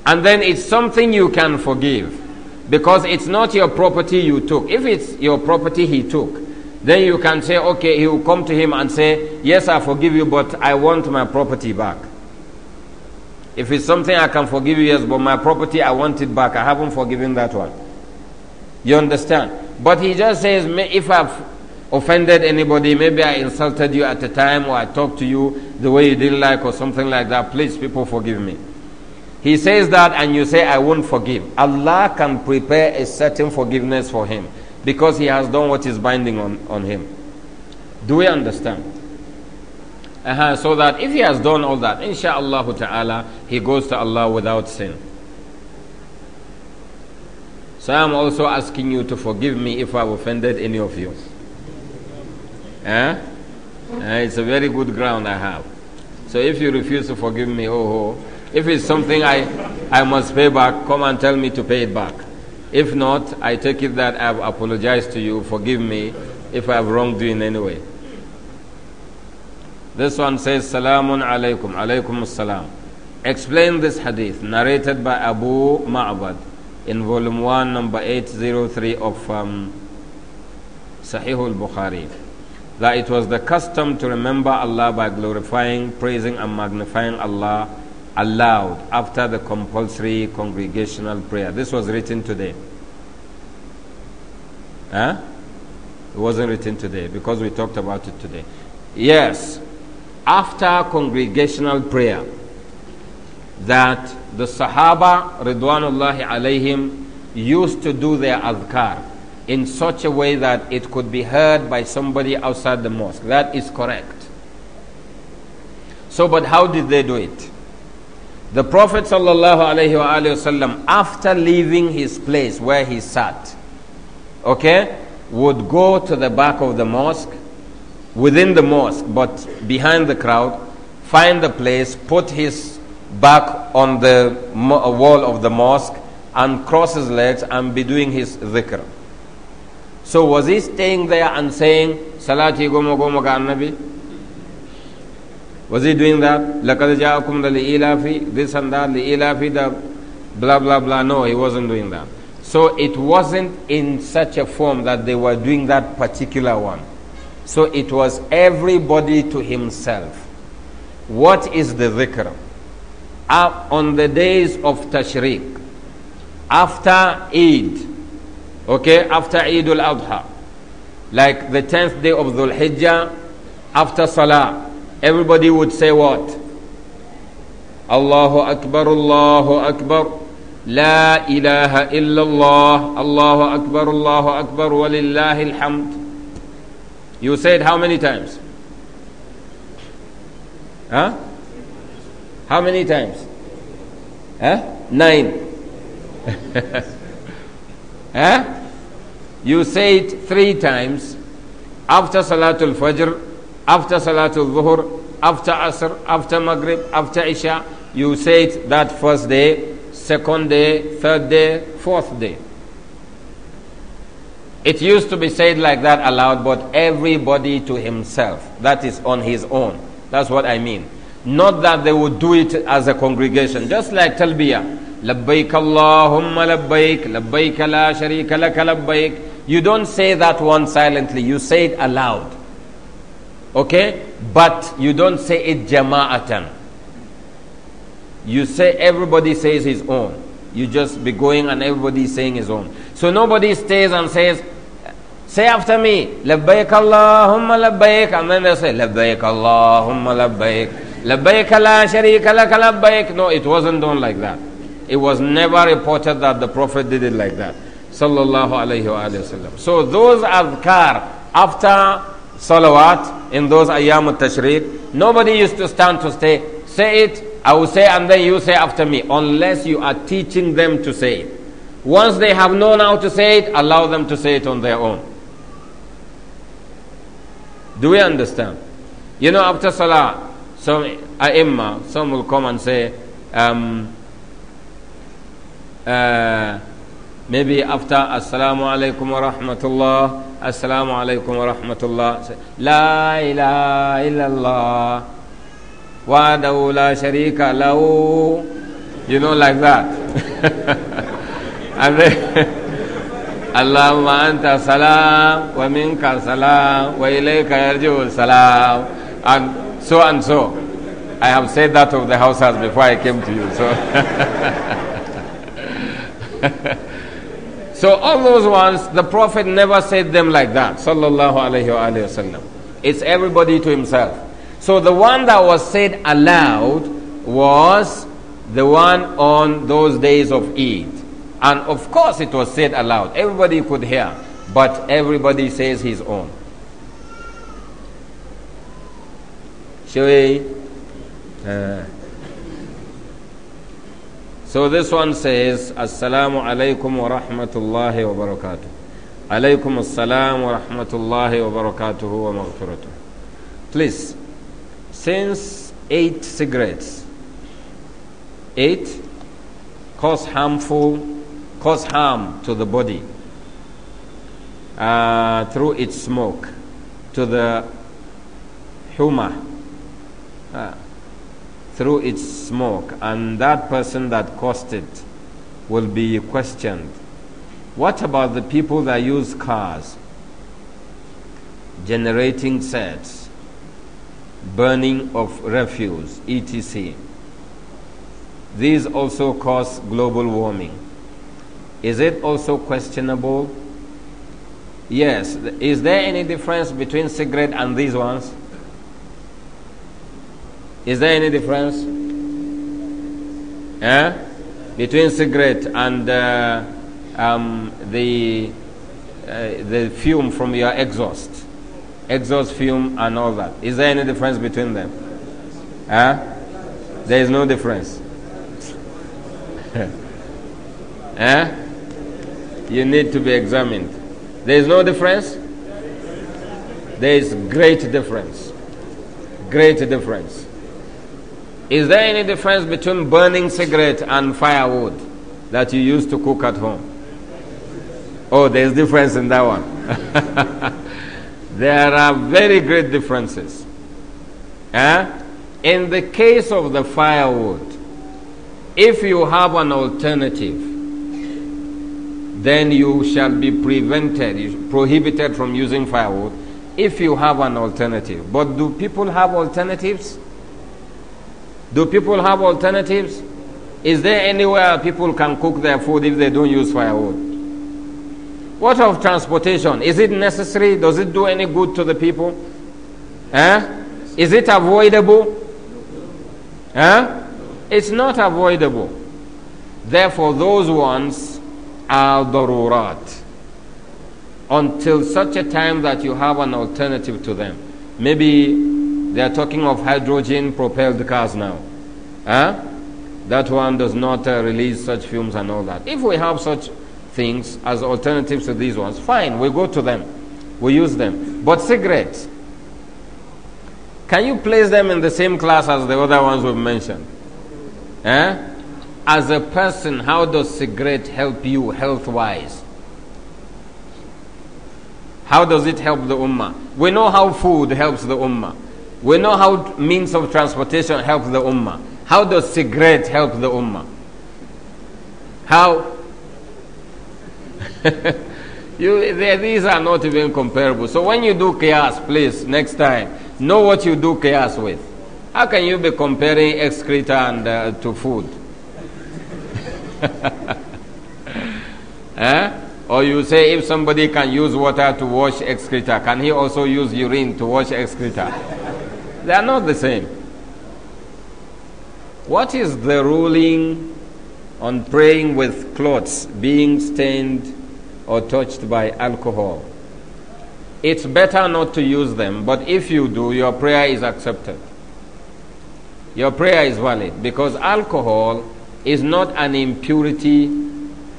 And then it's something you can forgive. Because it's not your property you took. If it's your property he took, then you can say, okay, he will come to him and say, yes, I forgive you, but I want my property back. If it's something I can forgive you, yes, but my property, I want it back. I haven't forgiven that one. You understand? But he just says, if I've offended anybody, maybe I insulted you at the time or I talked to you the way you didn't like or something like that, please, people, forgive me. He says that, and you say, I won't forgive. Allah can prepare a certain forgiveness for him because he has done what is binding on, on him. Do we understand? Uh -huh, so that if he has done all that, insha'Allah ta'ala, he goes to Allah without sin. So I'm also asking you to forgive me if I've offended any of you. Eh? eh it's a very good ground I have. So if you refuse to forgive me, oh, oh if it's something I, I must pay back, come and tell me to pay it back. If not, I take it that I've apologized to you, forgive me if I've wronged you in any way. This one says, Salamun alaykum, alaykum salam. Explain this hadith, narrated by Abu Ma'bad in volume 1, number 803 of um, Sahih al Bukhari, that it was the custom to remember Allah by glorifying, praising, and magnifying Allah allowed after the compulsory congregational prayer. This was written today. Huh? It wasn't written today because we talked about it today. Yes, after congregational prayer, that the Sahaba, Ridwanullahi alayhim, used to do their adhkar in such a way that it could be heard by somebody outside the mosque. That is correct. So, but how did they do it? The Prophet وسلم, after leaving his place where he sat, okay, would go to the back of the mosque, within the mosque, but behind the crowd, find a place, put his back on the uh, wall of the mosque, and cross his legs and be doing his dhikr. So was he staying there and saying, Salati gomo gomo ka was he doing that? لَقَدْ جَاءَكُمْ لِإِلَافِ This and that, لِإِلَافِ the blah blah blah. No, he wasn't doing that. So it wasn't in such a form that they were doing that particular one. So it was everybody to himself. What is the dhikr? Uh, on the days of Tashriq, after Eid, okay, after Eid al Adha, like the 10th day of Dhul Hijjah, after Salah, everybody would say what? Allahu Akbar, Allahu Akbar, La ilaha illallah, Allahu Akbar, Allahu Akbar, walillahi alhamd. You said how many times? Huh? How many times? Huh? Nine. huh? You say it three times after Salatul Fajr after Salatul Dhuhr, after Asr, after Maghrib, after Isha, you say it that first day, second day, third day, fourth day. It used to be said like that aloud, but everybody to himself. That is on his own. That's what I mean. Not that they would do it as a congregation, just like Talbiyah. Labbaik Allahumma labbaik, labbaik la sharika laka labbaik. You don't say that one silently, you say it aloud. Okay? But you don't say it jama'atan. You say everybody says his own. You just be going and everybody is saying his own. So nobody stays and says, say after me, labbaik Allahumma labbaik. And then they say, labbaik Allahumma labbaik. Labbaik la sharika laka labbaik. No, it wasn't done like that. It was never reported that the Prophet did it like that. Sallallahu alayhi wa So those adhkar, after salawat in those ayyam tashriq, nobody used to stand to say, say it, I will say, and then you say after me, unless you are teaching them to say it. Once they have known how to say it, allow them to say it on their own. Do we understand? You know, after salah, some ai some will come and say, um, uh, maybe after assalamu alaykum wa rahmatullah السلام عليكم ورحمة الله لا إله إلا الله وحده لا شريك له you know like that and اللهم أنت السلام ومنك السلام وإليك يرجع السلام and so and so I have said that of the houses before I came to you so So all those ones, the Prophet never said them like that. Sallallahu alayhi wasallam. It's everybody to himself. So the one that was said aloud was the one on those days of Eid. And of course it was said aloud. Everybody could hear, but everybody says his own. Shall we? Uh, so this one says, Assalamu alaykum wa rahmatullahi wa barakatuh. Alaykum assalam wa rahmatullahi wa barakatuhu wa maghfiratuh. Please, since eight cigarettes, eight, cause harmful, cause harm to the body uh, through its smoke, to the humor. Uh, through its smoke, and that person that caused it will be questioned. What about the people that use cars, generating sets, burning of refuse, etc.? These also cause global warming. Is it also questionable? Yes. Is there any difference between cigarette and these ones? Is there any difference? yeah, Between cigarette and uh, um, the, uh, the fume from your exhaust, exhaust fume and all that. Is there any difference between them? Eh? There is no difference. eh? You need to be examined. There is no difference? There is great difference. Great difference. Is there any difference between burning cigarette and firewood that you use to cook at home? Oh, there's difference in that one. there are very great differences. Eh? In the case of the firewood, if you have an alternative, then you shall be prevented, prohibited from using firewood if you have an alternative. But do people have alternatives? Do people have alternatives? Is there anywhere people can cook their food if they don't use firewood? What of transportation? Is it necessary? Does it do any good to the people? Eh? Is it avoidable? Eh? It's not avoidable. Therefore, those ones are darurat until such a time that you have an alternative to them. Maybe they are talking of hydrogen propelled cars now. Huh? That one does not uh, release such fumes and all that. If we have such things as alternatives to these ones, fine, we go to them, we use them. But cigarettes, can you place them in the same class as the other ones we've mentioned? Eh? As a person, how does cigarette help you health wise? How does it help the ummah? We know how food helps the ummah. We know how means of transportation help the ummah. How does cigarette help the ummah? How? you, they, these are not even comparable. So when you do chaos, please, next time, know what you do chaos with. How can you be comparing excreta and, uh, to food? eh? Or you say if somebody can use water to wash excreta, can he also use urine to wash excreta? They are not the same. What is the ruling on praying with clothes being stained or touched by alcohol? It's better not to use them, but if you do, your prayer is accepted. Your prayer is valid because alcohol is not an impurity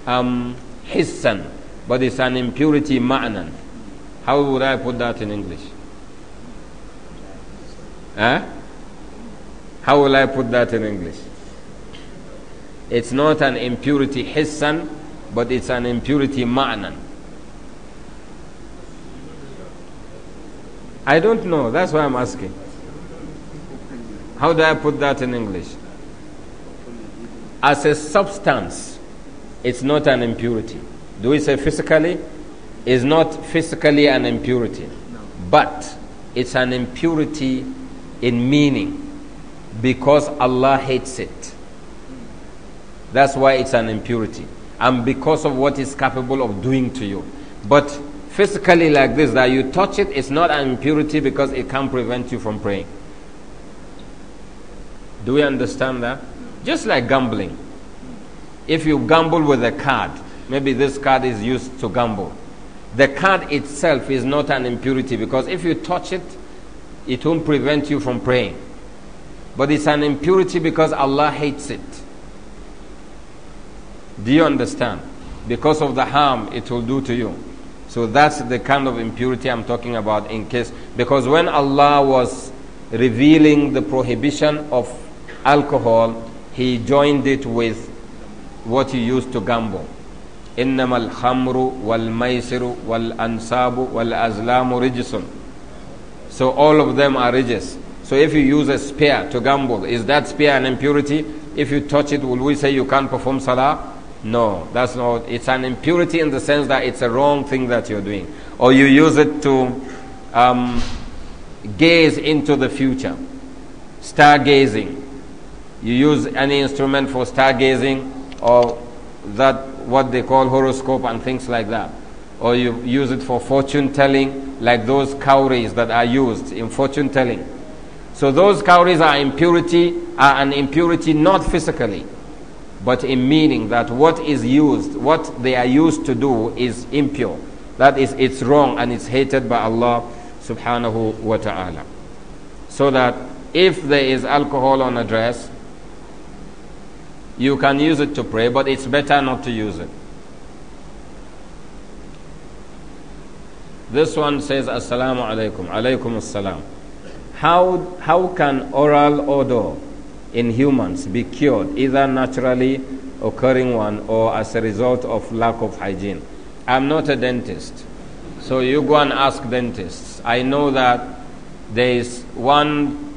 um, hissan, but it's an impurity ma'nan. How would I put that in English? Huh? How will I put that in English? It's not an impurity hissan, but it's an impurity ma'nan. I don't know, that's why I'm asking. How do I put that in English? As a substance, it's not an impurity. Do we say physically? It's not physically an impurity, but it's an impurity in meaning because Allah hates it. That's why it's an impurity and because of what it's capable of doing to you. But physically, like this, that you touch it, it's not an impurity because it can't prevent you from praying. Do we understand that? Just like gambling. If you gamble with a card, maybe this card is used to gamble. The card itself is not an impurity because if you touch it, it won't prevent you from praying. But it's an impurity because Allah hates it. Do you understand? Because of the harm it will do to you. So that's the kind of impurity I'm talking about in case. Because when Allah was revealing the prohibition of alcohol, He joined it with what you used to gamble. إنما الخمر والميسر wal والأزلام رجس so all of them are ridges. So if you use a spear to gamble, is that spear an impurity? If you touch it, will we say you can't perform salah? No, that's not. It's an impurity in the sense that it's a wrong thing that you're doing. Or you use it to um, gaze into the future. Stargazing. You use any instrument for stargazing or that what they call horoscope and things like that. Or you use it for fortune telling like those cowries that are used in fortune telling. So those cowries are impurity, are an impurity not physically, but in meaning that what is used, what they are used to do is impure. That is, it's wrong and it's hated by Allah subhanahu wa ta'ala. So that if there is alcohol on a dress, you can use it to pray, but it's better not to use it. This one says, Assalamu alaikum, alaikum assalam. How, how can oral odor in humans be cured, either naturally occurring one or as a result of lack of hygiene? I'm not a dentist, so you go and ask dentists. I know that there is one,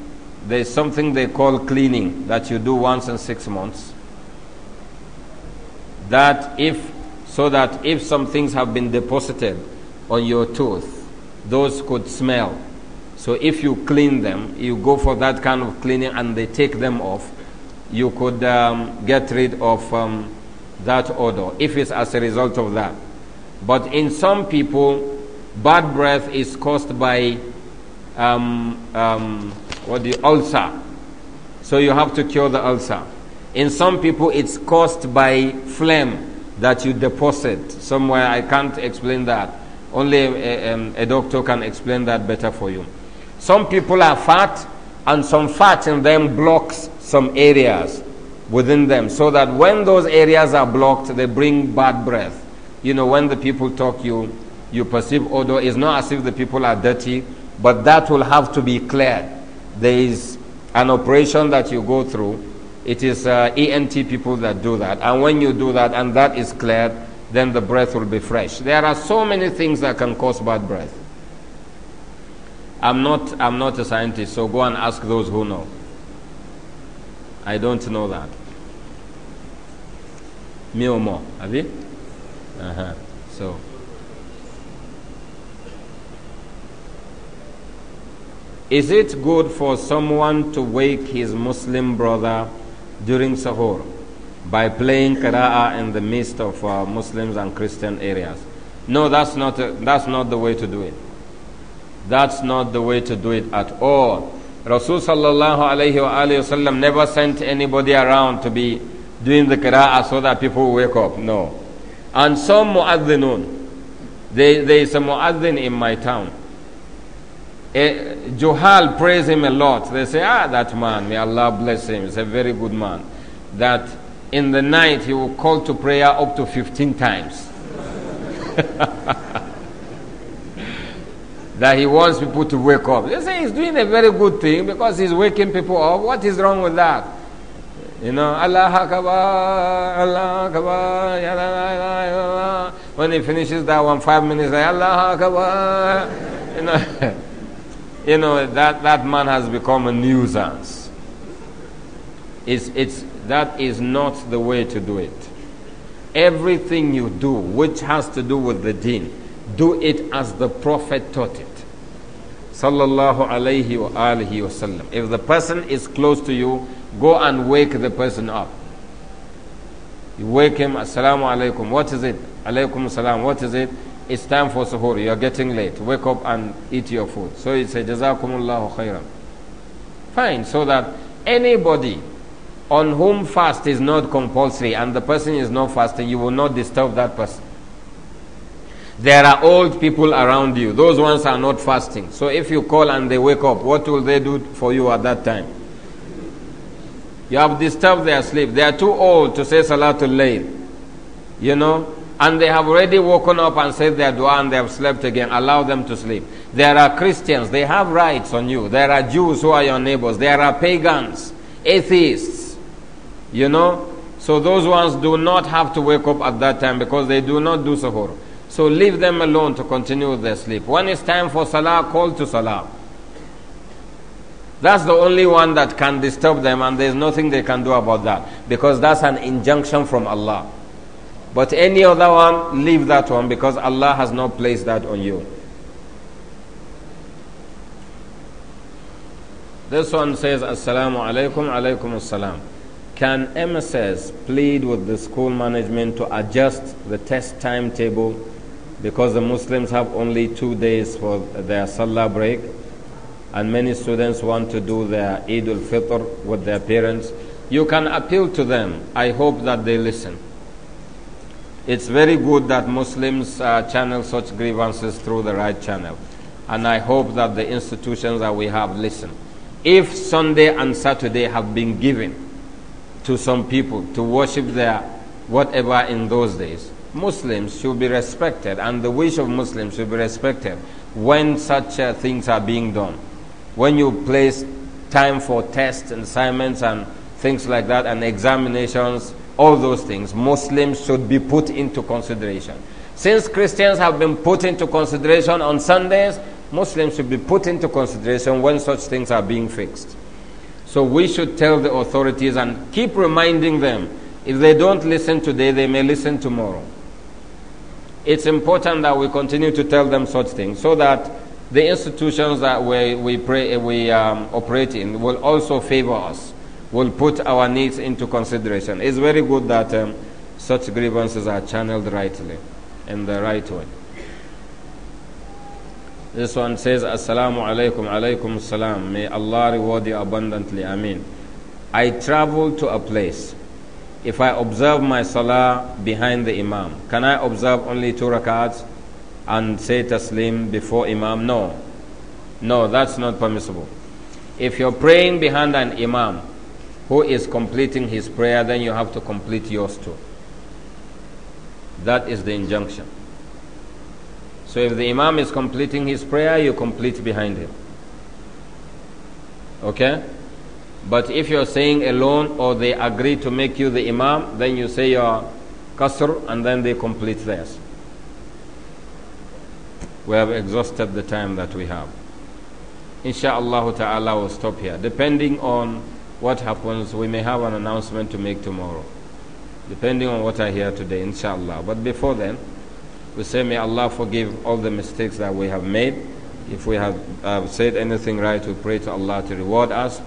there is something they call cleaning that you do once in six months. That if, so that if some things have been deposited, on your tooth, those could smell. So if you clean them, you go for that kind of cleaning and they take them off, you could um, get rid of um, that odor if it's as a result of that. But in some people, bad breath is caused by um, um what the ulcer. So you have to cure the ulcer. In some people, it's caused by phlegm that you deposit somewhere. I can't explain that. Only a, a, um, a doctor can explain that better for you. Some people are fat, and some fat in them blocks some areas within them, so that when those areas are blocked, they bring bad breath. You know, when the people talk, you you perceive odor. It's not as if the people are dirty, but that will have to be cleared. There is an operation that you go through. It is uh, ENT people that do that, and when you do that, and that is cleared, then the breath will be fresh. There are so many things that can cause bad breath. I'm not, I'm not a scientist, so go and ask those who know. I don't know that. Me or more, have you? Uh huh. So. Is it good for someone to wake his Muslim brother during sahur? by playing qira'ah in the midst of uh, Muslims and Christian areas. No, that's not, a, uh, that's not the way to do it. That's not the way to do it at all. Rasul sallallahu alayhi wa, alayhi wa never sent anybody around to be doing the qira'ah so that people wake up. No. And some mu'adhinun. There, there is a mu'adhin in my town. Eh, Juhal Johal praise him a lot. They say, ah, that man, may Allah bless him. He's a very good man. That in the night he will call to prayer up to 15 times. that he wants people to wake up. They say he's doing a very good thing because he's waking people up. What is wrong with that? You know, Allah Akbar, Allah Akbar, When he finishes that one, five minutes, like, Allah Akbar. You know, you know that, that man has become a nuisance. It's, it's, that is not the way to do it. Everything you do which has to do with the deen, do it as the Prophet taught it. Sallallahu alayhi wa alihi wasallam. If the person is close to you, go and wake the person up. You wake him, Assalamu alaykum. what is it? Alaikum salam, what is it? It's time for suhoor, you are getting late. Wake up and eat your food. So it's a jazakumullahu khairan. Fine, so that anybody on whom fast is not compulsory and the person is not fasting, you will not disturb that person. There are old people around you. Those ones are not fasting. So if you call and they wake up, what will they do for you at that time? You have disturbed their sleep. They are too old to say Salatul Layl. You know? And they have already woken up and said their dua and they have slept again. Allow them to sleep. There are Christians. They have rights on you. There are Jews who are your neighbors. There are pagans, atheists you know? So those ones do not have to wake up at that time because they do not do suhoor. So leave them alone to continue their sleep. When it's time for salah, call to salah. That's the only one that can disturb them, and there's nothing they can do about that because that's an injunction from Allah. But any other one, leave that one because Allah has not placed that on you. This one says, Assalamu alaikum, alaikum assalam. Can MSS plead with the school management to adjust the test timetable because the Muslims have only two days for their Salah break and many students want to do their Eid al-Fitr with their parents? You can appeal to them. I hope that they listen. It's very good that Muslims uh, channel such grievances through the right channel. And I hope that the institutions that we have listen. If Sunday and Saturday have been given, to some people to worship their whatever in those days. Muslims should be respected and the wish of Muslims should be respected when such uh, things are being done. When you place time for tests and assignments and things like that and examinations, all those things, Muslims should be put into consideration. Since Christians have been put into consideration on Sundays, Muslims should be put into consideration when such things are being fixed. So we should tell the authorities and keep reminding them if they don't listen today, they may listen tomorrow. It's important that we continue to tell them such things so that the institutions that we, we, pray, we um, operate in will also favor us, will put our needs into consideration. It's very good that um, such grievances are channeled rightly in the right way. This one says, Assalamu alaikum, alaikum salam. May Allah reward you abundantly. Ameen. I travel to a place. If I observe my salah behind the imam, can I observe only two rakats and say taslim before imam? No. No, that's not permissible. If you're praying behind an imam who is completing his prayer, then you have to complete yours too. That is the injunction. So if the Imam is completing his prayer, you complete behind him. Okay? But if you're saying alone or they agree to make you the Imam, then you say your Qasr and then they complete theirs. We have exhausted the time that we have. Insha'Allah ta'ala will stop here. Depending on what happens, we may have an announcement to make tomorrow. Depending on what I hear today, Inshallah. But before then, we say, May Allah forgive all the mistakes that we have made. If we have uh, said anything right, we pray to Allah to reward us.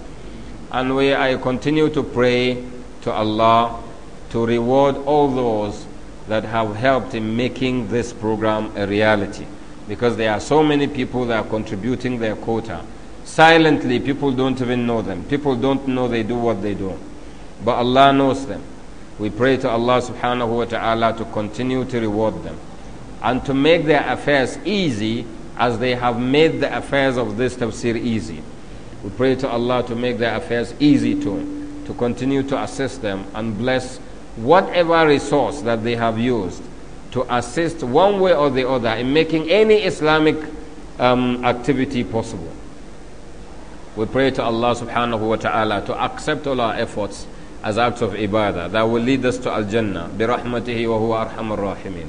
And we, I continue to pray to Allah to reward all those that have helped in making this program a reality. Because there are so many people that are contributing their quota. Silently, people don't even know them. People don't know they do what they do. But Allah knows them. We pray to Allah subhanahu wa ta'ala to continue to reward them and to make their affairs easy as they have made the affairs of this tafsir easy. We pray to Allah to make their affairs easy to to continue to assist them and bless whatever resource that they have used to assist one way or the other in making any Islamic um, activity possible. We pray to Allah subhanahu wa ta'ala to accept all our efforts as acts of ibadah that will lead us to Al Jannah. برحمته وهو أرحم الراحمين.